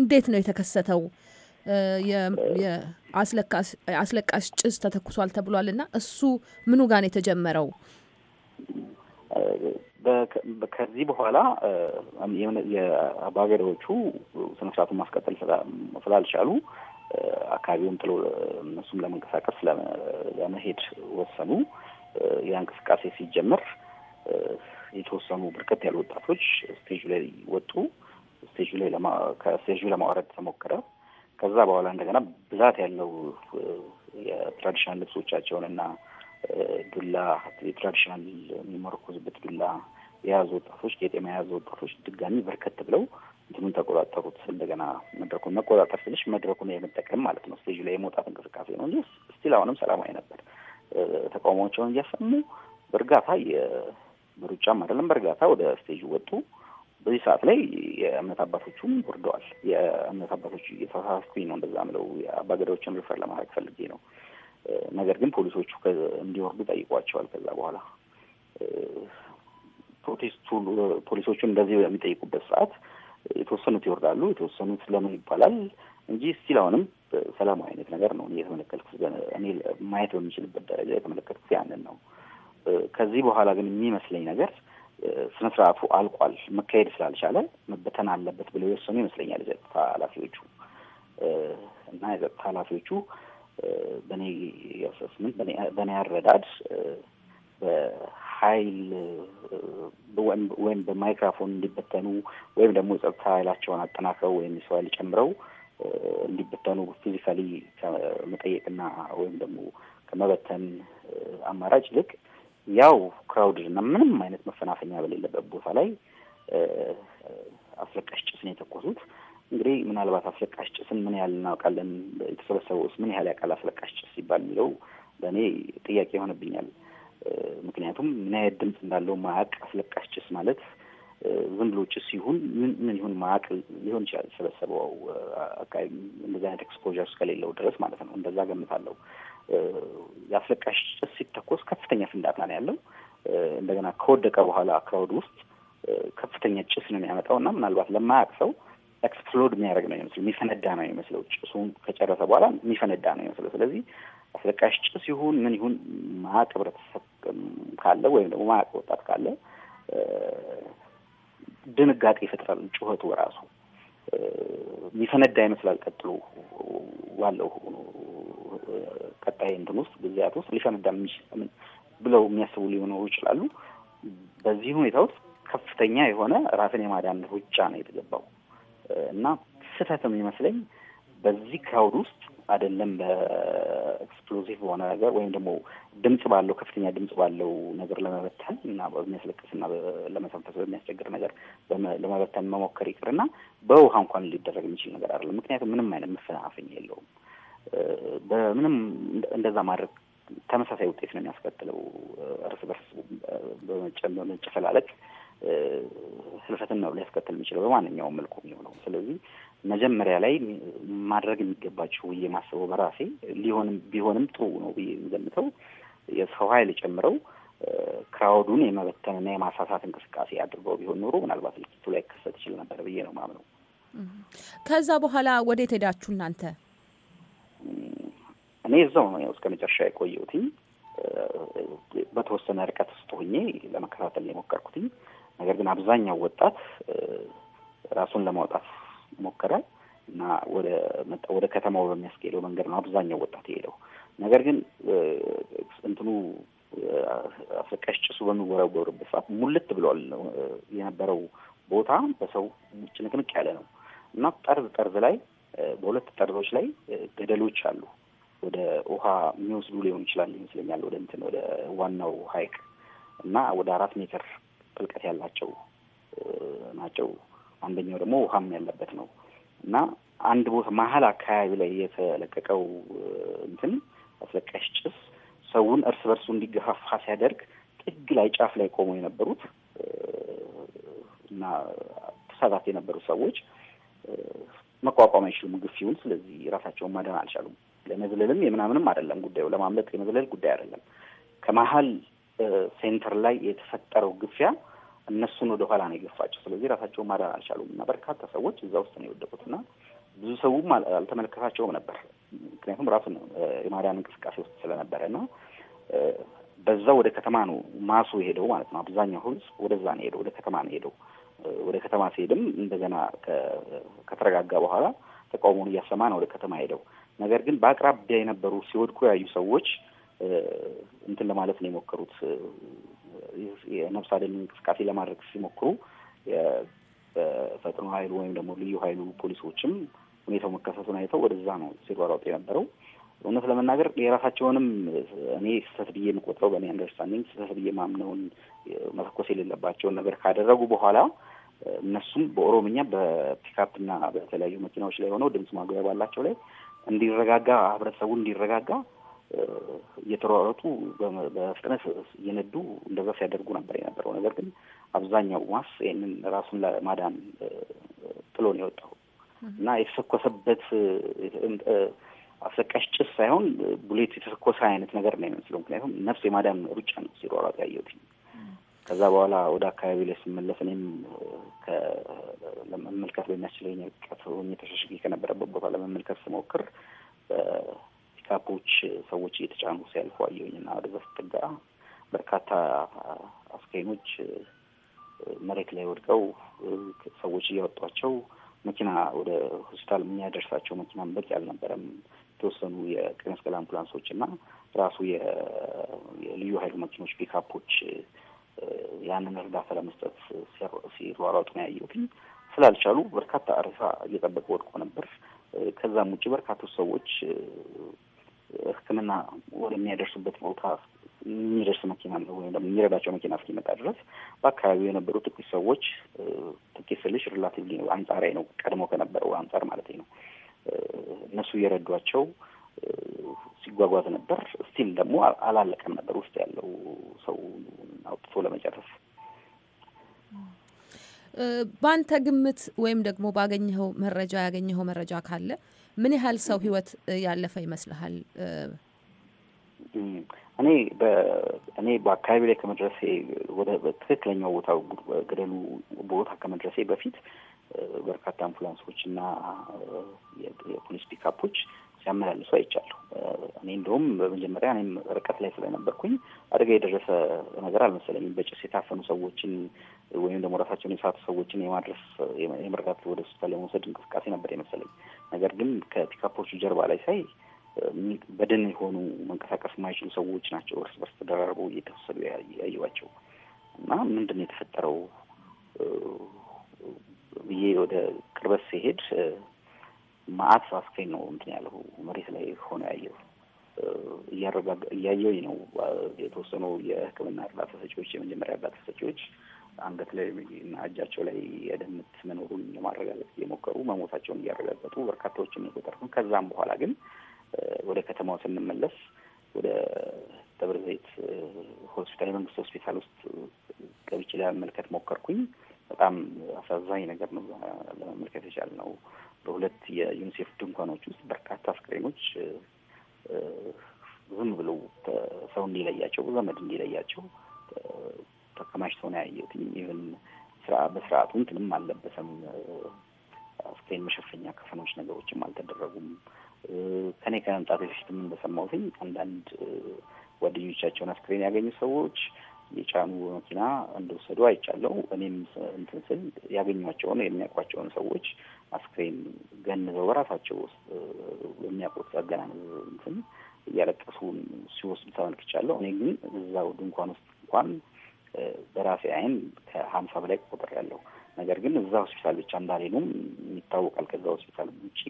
እንዴት ነው የተከሰተው? የአስለቃሽ ጭስ ተተኩሷል ተብሏል እና እሱ ምኑ ጋር ነው የተጀመረው?
ከዚህ በኋላ የአባገሪዎቹ ስነስርዓቱን ማስቀጠል ስላልቻሉ አካባቢውን ጥሎ እነሱም ለመንቀሳቀስ ለመሄድ ወሰኑ። ያ እንቅስቃሴ ሲጀመር የተወሰኑ በርከት ያሉ ወጣቶች ስቴጁ ላይ ወጡ። ስቴጁ ላይ ከስቴጁ ለማውረድ ተሞከረ። ከዛ በኋላ እንደገና ብዛት ያለው የትራዲሽናል ልብሶቻቸውን እና ዱላ የትራዲሽናል የሚመርኮዝበት ዱላ የያዙ ወጣቶች፣ ቄጤማ የያዙ ወጣቶች ድጋሚ በርከት ብለው እንትኑን ተቆጣጠሩት። እንደገና መድረኩን መቆጣጠር ስልሽ መድረኩን የመጠቀም ማለት ነው። ስቴጅ ላይ የመውጣት እንቅስቃሴ ነው እንጂ ስቲል አሁንም ሰላማዊ ነበር። ተቃውሞቸውን እያሰሙ በእርጋታ በሩጫም አይደለም በእርጋታ ወደ ስቴጅ ወጡ። በዚህ ሰዓት ላይ የእምነት አባቶቹም ወርደዋል። የእምነት አባቶቹ እየተሳሳትኩኝ ነው እንደዛ ምለው የአባገዳዎችን ሪፈር ለማድረግ ፈልጌ ነው ነገር ግን ፖሊሶቹ እንዲወርዱ ጠይቋቸዋል። ከዛ በኋላ ፕሮቴስቱ ፖሊሶቹን እንደዚህ በሚጠይቁበት ሰዓት የተወሰኑት ይወርዳሉ፣ የተወሰኑት ለምን ይባላል እንጂ ስቲል አሁንም ሰላማዊ አይነት ነገር ነው የተመለከትኩት። እኔ ማየት በሚችልበት ደረጃ የተመለከትኩት ያንን ነው። ከዚህ በኋላ ግን የሚመስለኝ ነገር ስነ ስርዓቱ አልቋል፣ መካሄድ ስላልቻለ መበተን አለበት ብለው የወሰኑ ይመስለኛል የጸጥታ ኃላፊዎቹ እና የጸጥታ ኃላፊዎቹ በእኔ አሰስመንት በእኔ አረዳድ በኃይል ወይም በማይክራፎን እንዲበተኑ ወይም ደግሞ የጸጥታ ኃይላቸውን አጠናክረው ወይም የሰው ኃይል ጨምረው እንዲበተኑ ፊዚካሊ ከመጠየቅና ወይም ደግሞ ከመበተን አማራጭ ይልቅ ያው ክራውድድ እና ምንም አይነት መፈናፈኛ በሌለበት ቦታ ላይ አስለቃሽ ጭስን የተኮሱት እንግዲህ ምናልባት አስለቃሽ ጭስን ምን ያህል እናውቃለን? የተሰበሰበው ውስጥ ምን ያህል ያውቃል? አስለቃሽ ጭስ ሲባል የሚለው ለእኔ ጥያቄ ይሆንብኛል። ምክንያቱም ምን አይነት ድምፅ እንዳለው ማያቅ አስለቃሽ ጭስ ማለት ዝም ብሎ ጭስ ይሁን ምን ምን ይሁን ማያቅ ሊሆን ይችላል። የተሰበሰበው አካባቢ እንደዚህ አይነት ኤክስፖዠር እስከሌለው ድረስ ማለት ነው። እንደዛ ገምታለሁ። የአስለቃሽ ጭስ ሲተኮስ ከፍተኛ ፍንዳታ ነው ያለው። እንደገና ከወደቀ በኋላ ክራውድ ውስጥ ከፍተኛ ጭስ ነው የሚያመጣው እና ምናልባት ለማያቅ ሰው ኤክስፕሎድ የሚያደርግ ነው የሚመስለው፣ የሚፈነዳ ነው ይመስለው። ጭሱን ከጨረሰ በኋላ የሚፈነዳ ነው ይመስለው። ስለዚህ አስለቃሽ ጭስ ይሁን ምን ይሁን ማቅ ህብረተሰብ ካለ ወይም ደግሞ ማቅ ወጣት ካለ ድንጋጤ ይፈጥራል። ጩኸቱ ራሱ የሚፈነዳ ይመስላል። ቀጥሎ ባለው ቀጣይ እንትን ውስጥ ጊዜያት ውስጥ ሊፈነዳ ምን ብለው የሚያስቡ ሊሆኑ ይችላሉ። በዚህ ሁኔታ ውስጥ ከፍተኛ የሆነ ራስን የማዳን ሩጫ ነው የተገባው። እና ስህተትም ይመስለኝ በዚህ ክራውድ ውስጥ አይደለም በኤክስፕሎዚቭ በሆነ ነገር ወይም ደግሞ ድምጽ ባለው ከፍተኛ ድምጽ ባለው ነገር ለመበተን እና በሚያስለቅስና ለመተንፈስ በሚያስቸግር ነገር ለመበተን መሞከር ይቅርና በውሃ እንኳን ሊደረግ የሚችል ነገር አይደለም። ምክንያቱም ምንም አይነት መፈናፈኝ የለውም። በምንም እንደዛ ማድረግ ተመሳሳይ ውጤት ነው የሚያስከትለው። እርስ በርስ በመጨፈላለቅ ህልፈትን ነው ሊያስከትል የሚችለው በማንኛውም መልኩ የሚሆነው። ስለዚህ
መጀመሪያ ላይ
ማድረግ የሚገባቸው ብዬ ማስበው በራሴ ሊሆንም ቢሆንም ጥሩ ነው ብዬ የሚገምተው የሰው ኃይል ጨምረው ክራውዱን የመበተንና የማሳሳት እንቅስቃሴ አድርገው ቢሆን ኖሮ ምናልባት ልኪቱ ላይ ከሰት ይችል ነበር ብዬ ነው ማምነው።
ከዛ በኋላ ወዴት ሄዳችሁ እናንተ?
እኔ እዛው ነው ያው እስከ መጨረሻ የቆየሁትኝ። በተወሰነ ርቀት ውስጥ ሆኜ ለመከታተል የሞከርኩትኝ ነገር ግን አብዛኛው ወጣት ራሱን ለማውጣት ይሞክራል እና ወደ ከተማው በሚያስኬደው መንገድ ነው አብዛኛው ወጣት የሄደው። ነገር ግን እንትኑ አስለቃሽ ጭሱ በሚወረወርበት ሰዓት ሙልት ብለዋል። የነበረው ቦታ በሰው ጭንቅንቅ ያለ ነው እና ጠርዝ ጠርዝ ላይ በሁለት ጠርዞች ላይ ገደሎች አሉ። ወደ ውሃ የሚወስዱ ሊሆን ይችላል ይመስለኛል፣ ወደ እንትን ወደ ዋናው ሐይቅ እና ወደ አራት ሜትር ጥልቀት ያላቸው ናቸው። አንደኛው ደግሞ ውሃም ያለበት ነው እና አንድ ቦታ መሀል አካባቢ ላይ የተለቀቀው እንትን አስለቃሽ ጭስ ሰውን እርስ በርሱ እንዲገፋፋ ሲያደርግ ጥግ ላይ ጫፍ ላይ ቆመው የነበሩት እና ተሳታፊ የነበሩት ሰዎች መቋቋም አይችሉም ግፊውን። ስለዚህ ራሳቸውን ማዳን አልቻሉም። ለመዝለልም የምናምንም አይደለም ጉዳዩ፣ ለማምለጥ የመዝለል ጉዳይ አይደለም። ከመሀል ሴንተር ላይ የተፈጠረው ግፊያ እነሱን ወደ ኋላ ነው የገፋቸው። ስለዚህ ራሳቸውን ማዳን አልቻሉም እና በርካታ ሰዎች እዛ ውስጥ ነው የወደቁት እና ብዙ ሰውም አልተመለከታቸውም ነበር ምክንያቱም ራሱን የማዳን እንቅስቃሴ ውስጥ ስለነበረ እና በዛ ወደ ከተማ ነው ማሱ የሄደው ማለት ነው። አብዛኛው ህዝብ ወደዛ ነው ሄደው ወደ ከተማ ነው ሄደው ወደ ከተማ ሲሄድም እንደገና ከተረጋጋ በኋላ ተቃውሞውን እያሰማ ነው ወደ ከተማ ሄደው። ነገር ግን በአቅራቢያ የነበሩ ሲወድቁ ያዩ ሰዎች እንትን ለማለት ነው የሞከሩት። የነፍስ አድን እንቅስቃሴ ለማድረግ ሲሞክሩ የፈጥኖ ኃይሉ ወይም ደግሞ ልዩ ኃይሉ ፖሊሶችም ሁኔታው መከሰቱን አይተው ወደዛ ነው ሲሯሯጡ የነበረው። እውነት ለመናገር የራሳቸውንም እኔ ስህተት ብዬ የምቆጥረው በእኔ አንደርስታንዲንግ ስህተት ብዬ ማምነውን መተኮስ የሌለባቸውን ነገር ካደረጉ በኋላ እነሱም በኦሮምኛ በፒካፕና በተለያዩ መኪናዎች ላይ ሆነው ድምፅ ማጉያ ባላቸው ላይ እንዲረጋጋ ህብረተሰቡን እንዲረጋጋ እየተሯሯጡ በፍጥነት እየነዱ እንደዛ ሲያደርጉ ነበር የነበረው። ነገር ግን አብዛኛው ማስ ይህንን ራሱን ለማዳን ጥሎ ነው የወጣው እና የተተኮሰበት አሰቃሽ ጭስ ሳይሆን ቡሌት የተተኮሰ አይነት ነገር ነው የሚመስለው። ምክንያቱም ነፍስ የማዳን ሩጫ ነው ሲሯሯጥ ያየሁት። ከዛ በኋላ ወደ አካባቢ ላይ ስመለስ እኔም ለመመልከት በሚያስችለኝ ርቀት ሆኜ ተሸሽጌ ከነበረበት ቦታ ለመመልከት ስሞክር ፒካፖች ሰዎች እየተጫኑ ሲያልፉ አየሁኝና ወደ በስተግራ በርካታ አስከሬኖች መሬት ላይ ወድቀው ሰዎች እያወጧቸው መኪና ወደ ሆስፒታል የሚያደርሳቸው መኪና በቂ አልነበረም። የተወሰኑ የቀይ መስቀል አምቡላንሶች እና ራሱ የልዩ ኃይሉ መኪኖች ፒካፖች ያንን እርዳታ ለመስጠት ሲሯሯጡ ነው ያየሁት። ስላልቻሉ በርካታ ሬሳ እየጠበቀ ወድቆ ነበር። ከዛም ውጭ በርካቶች ሰዎች ሕክምና ወደሚያደርሱበት ቦታ የሚደርስ መኪና ወይም ደግሞ የሚረዳቸው መኪና እስኪመጣ ድረስ በአካባቢው የነበሩ ጥቂት ሰዎች ጥቂት ስልሽ ሪላቲቭሊ አንጻራዊ ነው፣ ቀድሞ ከነበረው አንጻር ማለት ነው። እነሱ የረዷቸው ሲጓጓዝ ነበር። እስቲም ደግሞ አላለቀም ነበር ውስጥ ያለው ሰው አውጥቶ ለመጨረስ።
በአንተ ግምት ወይም ደግሞ ባገኘኸው መረጃ ያገኘኸው መረጃ ካለ ምን ያህል ሰው ህይወት ያለፈ ይመስልሃል?
እኔ እኔ በአካባቢ ላይ ከመድረሴ ወደ ትክክለኛው ቦታ ገደሉ ቦታ ከመድረሴ በፊት በርካታ አምቡላንሶች እና የፖሊስ ፒካፖች ሲያመላልሱ አይቻለሁ። እኔ እንደውም በመጀመሪያ እኔም ርቀት ላይ ስለነበርኩኝ አደጋ የደረሰ ነገር አልመሰለኝም። በጭስ የታፈኑ ሰዎችን ወይም ደግሞ ራሳቸውን የሳቱ ሰዎችን የማድረስ የመርዳት ወደ ሆስፒታል የመውሰድ እንቅስቃሴ ነበር የመሰለኝ። ነገር ግን ከፒካፖቹ ጀርባ ላይ ሳይ በደን የሆኑ መንቀሳቀስ የማይችሉ ሰዎች ናቸው እርስ በርስ ተደራርበው እየተወሰዱ ያየዋቸው እና ምንድን ነው የተፈጠረው ብዬ ወደ ቅርበት ሲሄድ ማአት አስክሬን ነው እንትን ያለው መሬት ላይ ሆነ ያየው እያረጋ እያየው ነው። የተወሰኑ የሕክምና እርዳታ ሰጪዎች የመጀመሪያ እርዳታ ሰጪዎች አንገት ላይ እና እጃቸው ላይ የደም መኖሩን ለማረጋገጥ እየሞከሩ መሞታቸውን እያረጋገጡ በርካታዎችን የቆጠር ከዛም በኋላ ግን ወደ ከተማው ስንመለስ ወደ ደብረ ዘይት ሆስፒታል የመንግስት ሆስፒታል ውስጥ ገብቼ ለመመልከት ሞከርኩኝ። በጣም አሳዛኝ ነገር ነው ለመመልከት ነው። በሁለት የዩኒሴፍ ድንኳኖች ውስጥ በርካታ አስክሬኖች ዝም ብለው ሰው እንዲለያቸው ዘመድ እንዲለያቸው ተከማችተው ነው ያየሁት። ይህን ስራ በስርዓቱ እንትንም አልለበሰም። ስክሪን መሸፈኛ ከፈኖች ነገሮችም አልተደረጉም። ከኔ ከመምጣት በፊትም እንደሰማሁትኝ አንዳንድ ጓደኞቻቸውን አስክሬን ያገኙ ሰዎች የጫኑ መኪና እንደወሰዱ አይቻለው። እኔም እንትን ስል ያገኟቸውን የሚያውቋቸውን ሰዎች አስክሬን ገንዘው በራሳቸው ውስጥ የሚያውቁት አገናነብ እንትን እያለቀሱ ሲወስዱ ተመልክቻለሁ። እኔ ግን እዛው ድንኳን ውስጥ እንኳን በራሴ አይን ከሀምሳ በላይ ቁጥር ያለው ነገር ግን እዛ ሆስፒታል ብቻ እንዳሌኑም ይታወቃል። ከዛ ሆስፒታል ውጪ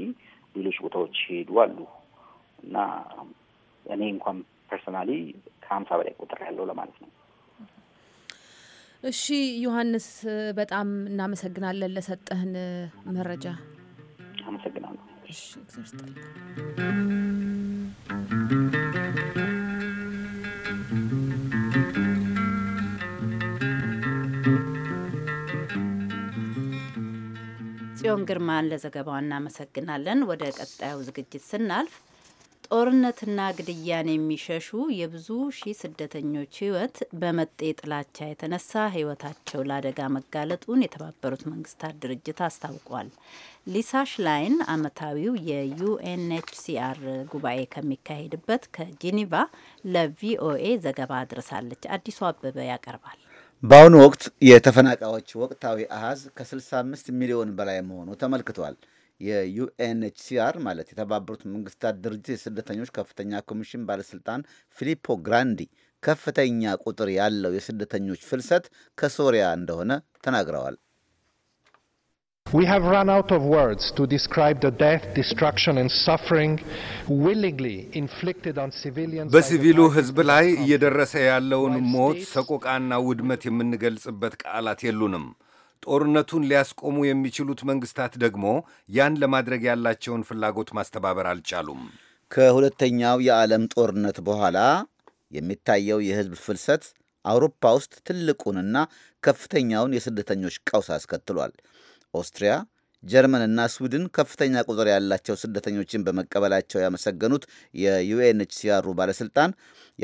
ሌሎች ቦታዎች ሄዱ አሉ እና እኔ እንኳን ፐርሶናሊ ከሀምሳ በላይ ቁጥር ያለው ለማለት ነው።
እሺ ዮሐንስ፣ በጣም እናመሰግናለን ለሰጠህን መረጃ
አመሰግናለሁ። እሺ
ጽዮን ግርማን ለዘገባው እናመሰግናለን። ወደ ቀጣዩ ዝግጅት ስናልፍ ጦርነትና ግድያን የሚሸሹ የብዙ ሺህ ስደተኞች ህይወት በመጤ ጥላቻ የተነሳ ህይወታቸው ለአደጋ መጋለጡን የተባበሩት መንግስታት ድርጅት አስታውቋል። ሊሳ ሽላይን አመታዊው የዩኤንኤችሲአር ጉባኤ ከሚካሄድበት ከጂኒቫ ለቪኦኤ ዘገባ አድርሳለች። አዲሱ አበበ ያቀርባል።
በአሁኑ ወቅት የተፈናቃዮች ወቅታዊ አሃዝ ከ65 ሚሊዮን በላይ መሆኑ ተመልክቷል። የዩኤንኤችሲአር ማለት የተባበሩት መንግስታት ድርጅት የስደተኞች ከፍተኛ ኮሚሽን ባለስልጣን ፊሊፖ ግራንዲ ከፍተኛ ቁጥር ያለው የስደተኞች ፍልሰት ከሶሪያ እንደሆነ ተናግረዋል።
We have run out of words to describe the death, destruction and suffering willingly inflicted on civilians. በሲቪሉ
ሕዝብ ላይ እየደረሰ ያለውን ሞት፣ ሰቆቃና ውድመት የምንገልጽበት ቃላት የሉንም። ጦርነቱን ሊያስቆሙ የሚችሉት መንግስታት ደግሞ ያን ለማድረግ ያላቸውን ፍላጎት ማስተባበር አልቻሉም።
ከሁለተኛው የዓለም ጦርነት በኋላ የሚታየው የህዝብ ፍልሰት አውሮፓ ውስጥ ትልቁንና ከፍተኛውን የስደተኞች ቀውስ አስከትሏል። ኦስትሪያ፣ እና ስዊድን ከፍተኛ ቁጥር ያላቸው ስደተኞችን በመቀበላቸው ያመሰገኑት የዩኤንኤችሲአሩ ባለሥልጣን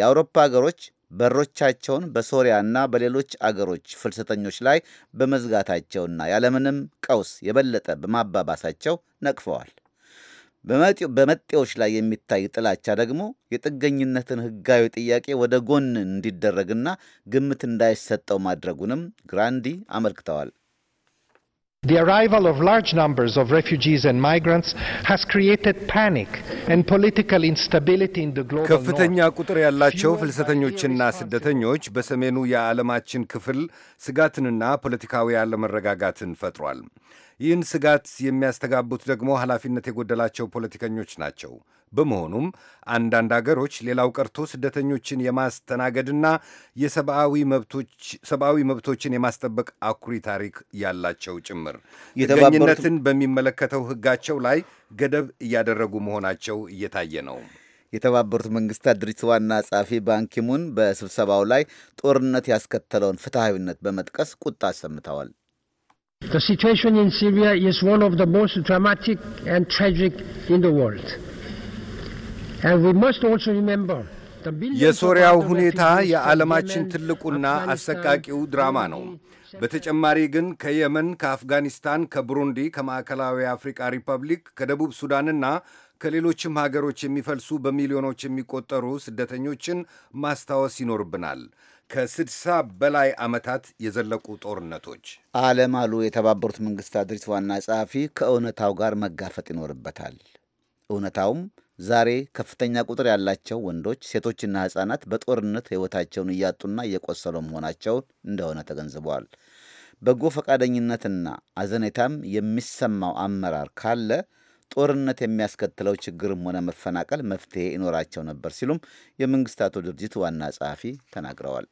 የአውሮፓ አገሮች በሮቻቸውን በሶሪያና በሌሎች አገሮች ፍልሰተኞች ላይ በመዝጋታቸውና ያለምንም ቀውስ የበለጠ በማባባሳቸው ነቅፈዋል። በመጤዎች ላይ የሚታይ ጥላቻ ደግሞ የጥገኝነትን ሕጋዊ ጥያቄ ወደ ጎን እንዲደረግና ግምት እንዳይሰጠው ማድረጉንም ግራንዲ አመልክተዋል።
The arrival of large numbers of refugees and migrants has created panic and political instability in the global north. ከፍተኛ
ቁጥር ያላቸው ፍልሰተኞችና ስደተኞች በሰሜኑ የዓለማችን ክፍል ስጋትንና ፖለቲካዊ አለመረጋጋትን ፈጥሯል። ይህን ስጋት የሚያስተጋቡት ደግሞ ኃላፊነት የጎደላቸው ፖለቲከኞች ናቸው። በመሆኑም አንዳንድ አገሮች ሌላው ቀርቶ ስደተኞችን የማስተናገድና የሰብአዊ መብቶችን የማስጠበቅ አኩሪ ታሪክ ያላቸው ጭምር ጥገኝነትን በሚመለከተው ሕጋቸው ላይ ገደብ እያደረጉ መሆናቸው እየታየ ነው።
የተባበሩት መንግስታት ድርጅት ዋና ጸሐፊ ባንኪሙን በስብሰባው ላይ ጦርነት ያስከተለውን ፍትሐዊነት በመጥቀስ ቁጣ አሰምተዋል።
The situation in Syria is one of the most dramatic and tragic in the world. የሶሪያው ሁኔታ የዓለማችን
ትልቁና አሰቃቂው ድራማ ነው። በተጨማሪ ግን ከየመን፣ ከአፍጋኒስታን፣ ከቡሩንዲ፣ ከማዕከላዊ አፍሪካ ሪፐብሊክ፣ ከደቡብ ሱዳንና ከሌሎችም ሀገሮች የሚፈልሱ በሚሊዮኖች የሚቆጠሩ ስደተኞችን ማስታወስ ይኖርብናል። ከስድሳ በላይ ዓመታት የዘለቁ ጦርነቶች
ዓለም አሉ የተባበሩት መንግሥታት ድርጅት ዋና ጸሐፊ ከእውነታው ጋር መጋፈጥ ይኖርበታል። እውነታውም ዛሬ ከፍተኛ ቁጥር ያላቸው ወንዶች፣ ሴቶችና ሕጻናት በጦርነት ሕይወታቸውን እያጡና እየቆሰሉ መሆናቸውን እንደሆነ ተገንዝበዋል። በጎ ፈቃደኝነትና አዘኔታም የሚሰማው አመራር ካለ ጦርነት የሚያስከትለው ችግርም ሆነ መፈናቀል መፍትሄ ይኖራቸው ነበር ሲሉም የመንግስታቱ ድርጅት ዋና ጸሐፊ ተናግረዋል።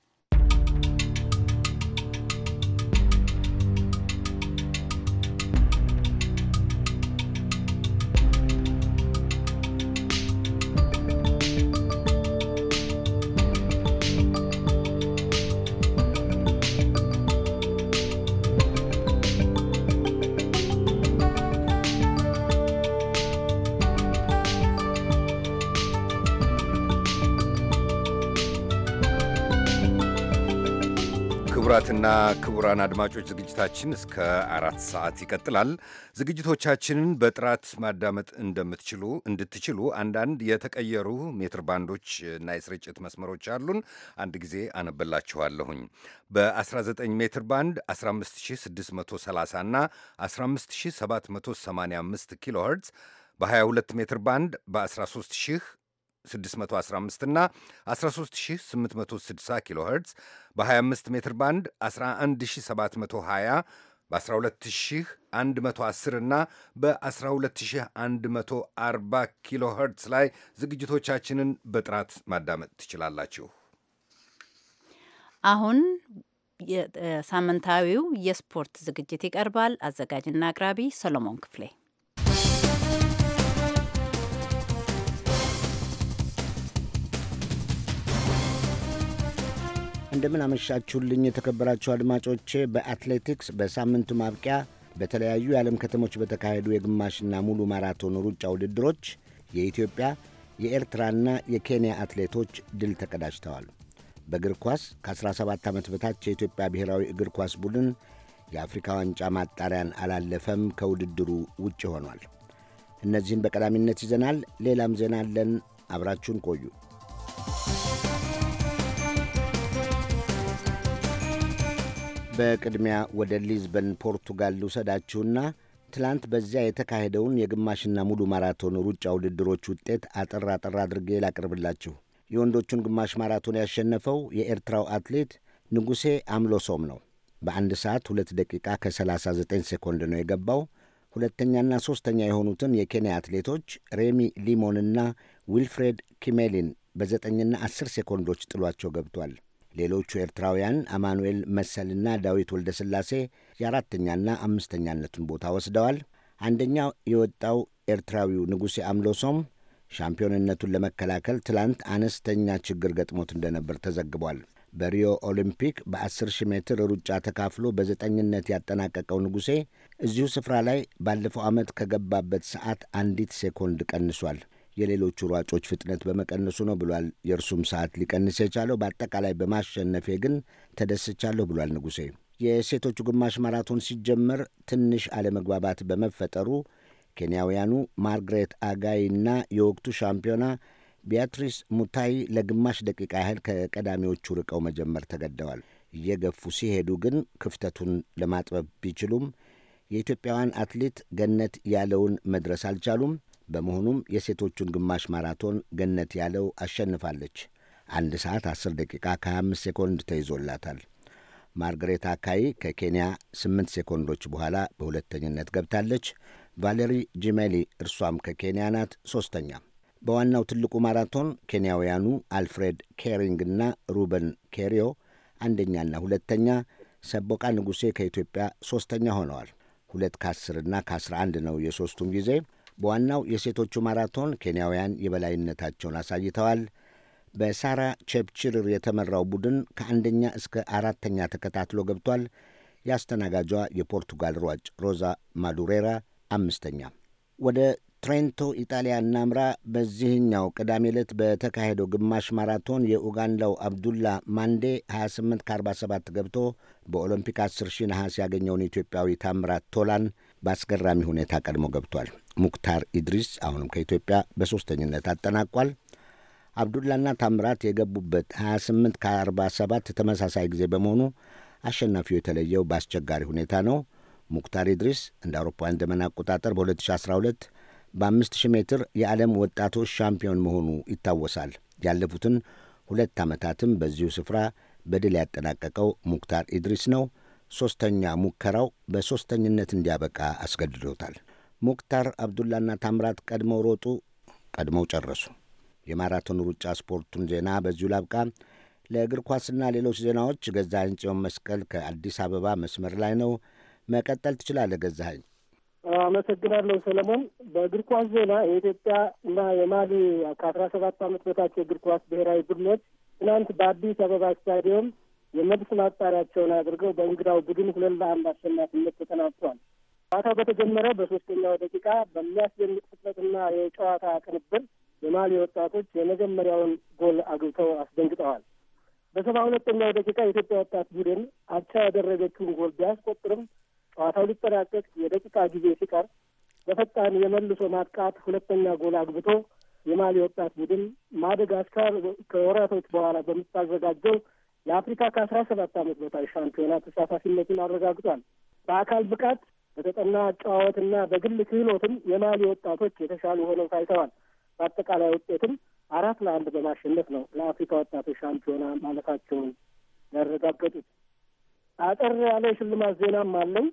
ክቡራን አድማጮች ዝግጅታችን እስከ አራት ሰዓት ይቀጥላል። ዝግጅቶቻችንን በጥራት ማዳመጥ እንደምትችሉ እንድትችሉ አንዳንድ የተቀየሩ ሜትር ባንዶች እና የስርጭት መስመሮች አሉን። አንድ ጊዜ አነበላችኋለሁኝ። በ19 ሜትር ባንድ 15630 እና 15785 ኪሎ ኸርትዝ በ22 ሜትር ባንድ በ13000 615 እና 13860 ኪሎ ሄርትዝ በ25 ሜትር ባንድ 11720 በ12110 እና በ12140 ኪሎ ሄርትዝ ላይ ዝግጅቶቻችንን በጥራት ማዳመጥ ትችላላችሁ።
አሁን ሳምንታዊው የስፖርት ዝግጅት ይቀርባል። አዘጋጅና አቅራቢ ሰሎሞን ክፍሌ
እንደምን አመሻችሁልኝ የተከበራችሁ አድማጮቼ። በአትሌቲክስ በሳምንቱ ማብቂያ በተለያዩ የዓለም ከተሞች በተካሄዱ የግማሽና ሙሉ ማራቶን ሩጫ ውድድሮች የኢትዮጵያ የኤርትራና የኬንያ አትሌቶች ድል ተቀዳጅተዋል። በእግር ኳስ ከ17 ዓመት በታች የኢትዮጵያ ብሔራዊ እግር ኳስ ቡድን የአፍሪካ ዋንጫ ማጣሪያን አላለፈም፣ ከውድድሩ ውጭ ሆኗል። እነዚህን በቀዳሚነት ይዘናል። ሌላም ዜና አለን። አብራችሁን ቆዩ። በቅድሚያ ወደ ሊዝበን ፖርቱጋል ልውሰዳችሁና ትላንት በዚያ የተካሄደውን የግማሽና ሙሉ ማራቶን ሩጫ ውድድሮች ውጤት አጠር አጠር አድርጌ ላቅርብላችሁ። የወንዶቹን ግማሽ ማራቶን ያሸነፈው የኤርትራው አትሌት ንጉሴ አምሎሶም ነው። በአንድ ሰዓት ሁለት ደቂቃ ከ39 ሴኮንድ ነው የገባው። ሁለተኛና ሦስተኛ የሆኑትን የኬንያ አትሌቶች ሬሚ ሊሞንና ዊልፍሬድ ኪሜሊን በዘጠኝና አስር ሴኮንዶች ጥሏቸው ገብቷል። ሌሎቹ ኤርትራውያን አማኑኤል መሰልና ዳዊት ወልደስላሴ የአራተኛና አምስተኛነቱን ቦታ ወስደዋል። አንደኛው የወጣው ኤርትራዊው ንጉሴ አምሎሶም ሻምፒዮንነቱን ለመከላከል ትላንት አነስተኛ ችግር ገጥሞት እንደነበር ተዘግቧል። በሪዮ ኦሊምፒክ በ10 ሺህ ሜትር ሩጫ ተካፍሎ በዘጠኝነት ያጠናቀቀው ንጉሴ እዚሁ ስፍራ ላይ ባለፈው ዓመት ከገባበት ሰዓት አንዲት ሴኮንድ ቀንሷል። የሌሎቹ ሯጮች ፍጥነት በመቀነሱ ነው ብሏል። የእርሱም ሰዓት ሊቀንስ የቻለው በአጠቃላይ በማሸነፌ ግን ተደስቻለሁ ብሏል ንጉሴ። የሴቶቹ ግማሽ ማራቶን ሲጀመር ትንሽ አለመግባባት በመፈጠሩ ኬንያውያኑ ማርግሬት አጋይ እና የወቅቱ ሻምፒዮና ቢያትሪስ ሙታይ ለግማሽ ደቂቃ ያህል ከቀዳሚዎቹ ርቀው መጀመር ተገደዋል። እየገፉ ሲሄዱ ግን ክፍተቱን ለማጥበብ ቢችሉም የኢትዮጵያውያን አትሌት ገነት ያለውን መድረስ አልቻሉም። በመሆኑም የሴቶቹን ግማሽ ማራቶን ገነት ያለው አሸንፋለች። አንድ ሰዓት 10 ደቂቃ ከ25 ሴኮንድ ተይዞላታል። ማርገሬት አካይ ከኬንያ 8 ሴኮንዶች በኋላ በሁለተኝነት ገብታለች። ቫሌሪ ጂሜሊ እርሷም ከኬንያ ናት ሦስተኛ። በዋናው ትልቁ ማራቶን ኬንያውያኑ አልፍሬድ ኬሪንግና ሩበን ኬሪዮ አንደኛና ሁለተኛ፣ ሰቦቃ ንጉሴ ከኢትዮጵያ ሦስተኛ ሆነዋል። ሁለት ከ10ና ከ11 ነው የሦስቱም ጊዜ በዋናው የሴቶቹ ማራቶን ኬንያውያን የበላይነታቸውን አሳይተዋል። በሳራ ቼፕችርር የተመራው ቡድን ከአንደኛ እስከ አራተኛ ተከታትሎ ገብቷል። የአስተናጋጇ የፖርቱጋል ሯጭ ሮዛ ማዱሬራ አምስተኛ። ወደ ትሬንቶ ኢጣሊያ እናምራ። በዚህኛው ቅዳሜ ዕለት በተካሄደው ግማሽ ማራቶን የኡጋንዳው አብዱላ ማንዴ 28 ከ47 ገብቶ በኦሎምፒክ 10 ሺህ ነሐስ ያገኘውን ኢትዮጵያዊ ታምራት ቶላን በአስገራሚ ሁኔታ ቀድሞ ገብቷል። ሙክታር ኢድሪስ አሁንም ከኢትዮጵያ በሦስተኝነት አጠናቋል። አብዱላና ታምራት የገቡበት 28 ከ47 ተመሳሳይ ጊዜ በመሆኑ አሸናፊው የተለየው በአስቸጋሪ ሁኔታ ነው። ሙክታር ኢድሪስ እንደ አውሮፓውያን ዘመን አቆጣጠር በ2012 በ5000 ሜትር የዓለም ወጣቶች ሻምፒዮን መሆኑ ይታወሳል። ያለፉትን ሁለት ዓመታትም በዚሁ ስፍራ በድል ያጠናቀቀው ሙክታር ኢድሪስ ነው። ሦስተኛ ሙከራው በሦስተኝነት እንዲያበቃ አስገድዶታል። ሙክታር አብዱላና ታምራት ቀድመው ሮጡ፣ ቀድመው ጨረሱ። የማራቶን ሩጫ ስፖርቱን ዜና በዚሁ ላብቃ። ለእግር ኳስና ሌሎች ዜናዎች ገዛኸኝ ጽዮን መስቀል ከአዲስ አበባ መስመር ላይ ነው። መቀጠል ትችላለህ ገዛኸኝ።
አመሰግናለሁ ሰለሞን። በእግር ኳስ ዜና የኢትዮጵያ እና የማሊ ከአስራ ሰባት ዓመት በታች የእግር ኳስ ብሔራዊ ቡድኖች ትናንት በአዲስ አበባ ስታዲየም የመልስ ማጣሪያቸውን አድርገው በእንግዳው ቡድን ሁለት ለአንድ አሸናፊነት ተጠናቋል። ጨዋታው በተጀመረ በሶስተኛው ደቂቃ በሚያስደንቅ ፍጥነትና የጨዋታ ቅንብር የማሊ ወጣቶች የመጀመሪያውን ጎል አግብተው አስደንግጠዋል። በሰባ ሁለተኛው ደቂቃ የኢትዮጵያ ወጣት ቡድን አቻ ያደረገችውን ጎል ቢያስቆጥርም ጨዋታው ሊጠናቀቅ የደቂቃ ጊዜ ሲቀር በፈጣን የመልሶ ማጥቃት ሁለተኛ ጎል አግብቶ የማሊ ወጣት ቡድን ማደጋስካር ከወራቶች በኋላ በምታዘጋጀው ለአፍሪካ ከአስራ ሰባት ዓመት በታች ሻምፒዮና ተሳታፊነቱን አረጋግጧል። በአካል ብቃት በተጠና አጨዋወትና በግል ክህሎትም የማሊ ወጣቶች የተሻሉ ሆነው ታይተዋል። በአጠቃላይ ውጤትም አራት ለአንድ በማሸነፍ ነው ለአፍሪካ ወጣቶች ሻምፒዮና ማለታቸውን ያረጋገጡት። አጠር ያለ ሽልማት ዜናም አለኝ።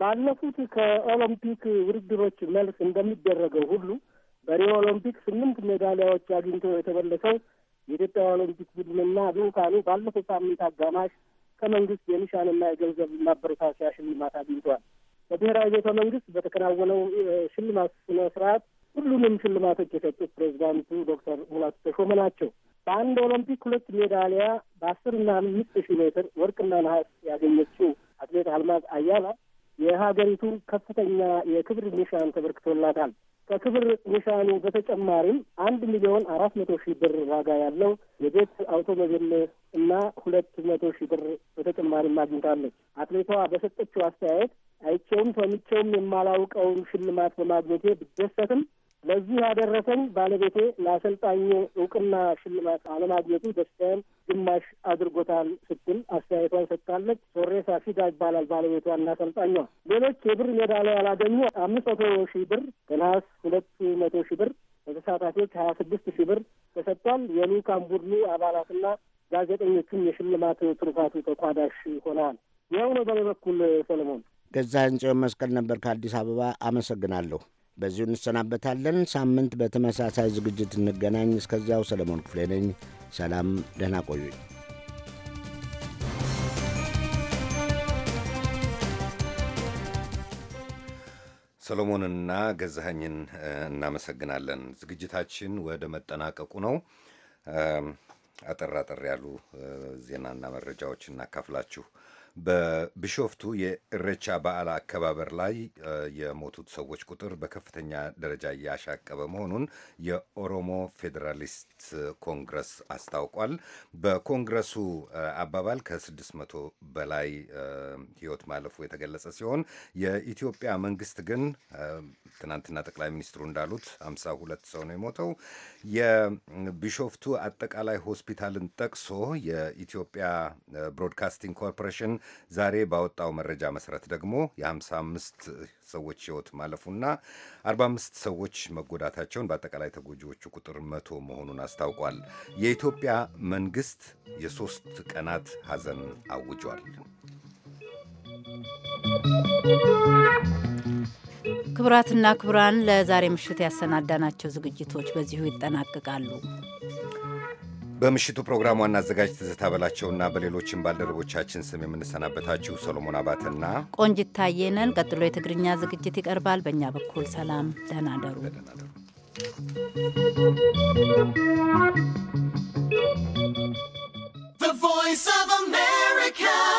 ባለፉት ከኦሎምፒክ ውድድሮች መልስ እንደሚደረገው ሁሉ በሪዮ ኦሎምፒክ ስምንት ሜዳሊያዎች አግኝቶ የተመለሰው የኢትዮጵያ ኦሎምፒክ ቡድንና ልዑካኑ ባለፈው ሳምንት አጋማሽ ከመንግስት የኒሻንና የገንዘብ ማበረታቻ ሽልማት አግኝተዋል። በብሔራዊ ቤተ መንግስት በተከናወነው ሽልማት ስነ ስርዓት ሁሉንም ሽልማቶች የሰጡት ፕሬዚዳንቱ ዶክተር ሙላቱ ተሾመ ናቸው። በአንድ ኦሎምፒክ ሁለት ሜዳሊያ በአስርና አምስት ሺህ ሜትር ወርቅና ነሐስ ያገኘችው አትሌት አልማዝ አያና የሀገሪቱ ከፍተኛ የክብር ኒሻን ተበርክቶላታል። ከክብር ኒሻኑ በተጨማሪም አንድ ሚሊዮን አራት መቶ ሺህ ብር ዋጋ ያለው የቤት አውቶሞቢል እና ሁለት መቶ ሺህ ብር በተጨማሪም አግኝታለች። አትሌቷ በሰጠችው አስተያየት አይቼውም ተምቼውም የማላውቀውን ሽልማት በማግኘቴ ብደሰትም ለዚህ ያደረሰኝ ባለቤቴ ለአሰልጣኙ እውቅና ሽልማት አለማግኘቱ ደስታዬን ግማሽ አድርጎታል ስትል አስተያየቷን ሰጥታለች። ሶሬሳ ፊዳ ይባላል ባለቤቷና አሰልጣኟ። ሌሎች የብር ሜዳሊያ ያላገኙ አምስት መቶ ሺህ ብር፣ ከነሐስ ሁለት መቶ ሺህ ብር፣ ለተሳታፊዎች ሀያ ስድስት ሺህ ብር ተሰጥቷል። የልዑካን ቡድኑ አባላትና ጋዜጠኞቹም የሽልማት ትሩፋቱ ተቋዳሽ ሆነዋል። ይኸው ነው በኔ በኩል ሰለሞን።
ገዛኸኝ ጽዮን መስቀል ነበር ከአዲስ አበባ አመሰግናለሁ። በዚሁ እንሰናበታለን። ሳምንት በተመሳሳይ ዝግጅት እንገናኝ። እስከዚያው ሰለሞን ክፍሌ ነኝ። ሰላም፣ ደህና ቆዩኝ።
ሰሎሞንና ገዛኸኝን እናመሰግናለን። ዝግጅታችን ወደ መጠናቀቁ ነው። አጠር አጠር ያሉ ዜናና መረጃዎች እናካፍላችሁ። በቢሾፍቱ የእሬቻ በዓል አከባበር ላይ የሞቱት ሰዎች ቁጥር በከፍተኛ ደረጃ እያሻቀበ መሆኑን የኦሮሞ ፌዴራሊስት ኮንግረስ አስታውቋል። በኮንግረሱ አባባል ከ መቶ በላይ ሕይወት ማለፉ የተገለጸ ሲሆን የኢትዮጵያ መንግስት ግን ትናንትና ጠቅላይ ሚኒስትሩ እንዳሉት 52 ሰው ነው የሞተው። የቢሾፍቱ አጠቃላይ ሆስፒታልን ጠቅሶ የኢትዮጵያ ብሮድካስቲንግ ኮርፖሬሽን ዛሬ ባወጣው መረጃ መሰረት ደግሞ የ55 ሰዎች ህይወት ማለፉና 45 ሰዎች መጎዳታቸውን በአጠቃላይ ተጎጂዎቹ ቁጥር መቶ መሆኑን አስታውቋል። የኢትዮጵያ መንግስት የሶስት ቀናት ሐዘን አውጇል።
ክቡራትና ክቡራን ለዛሬ ምሽት ያሰናዳናቸው ዝግጅቶች በዚሁ ይጠናቀቃሉ።
በምሽቱ ፕሮግራም ዋና አዘጋጅ ትዝታ በላቸውና በሌሎችም ባልደረቦቻችን ስም የምንሰናበታችሁ ሰሎሞን አባትና
ቆንጅት ታየነን። ቀጥሎ የትግርኛ ዝግጅት ይቀርባል። በእኛ በኩል ሰላም፣ ደህና ደሩ።
Voice of America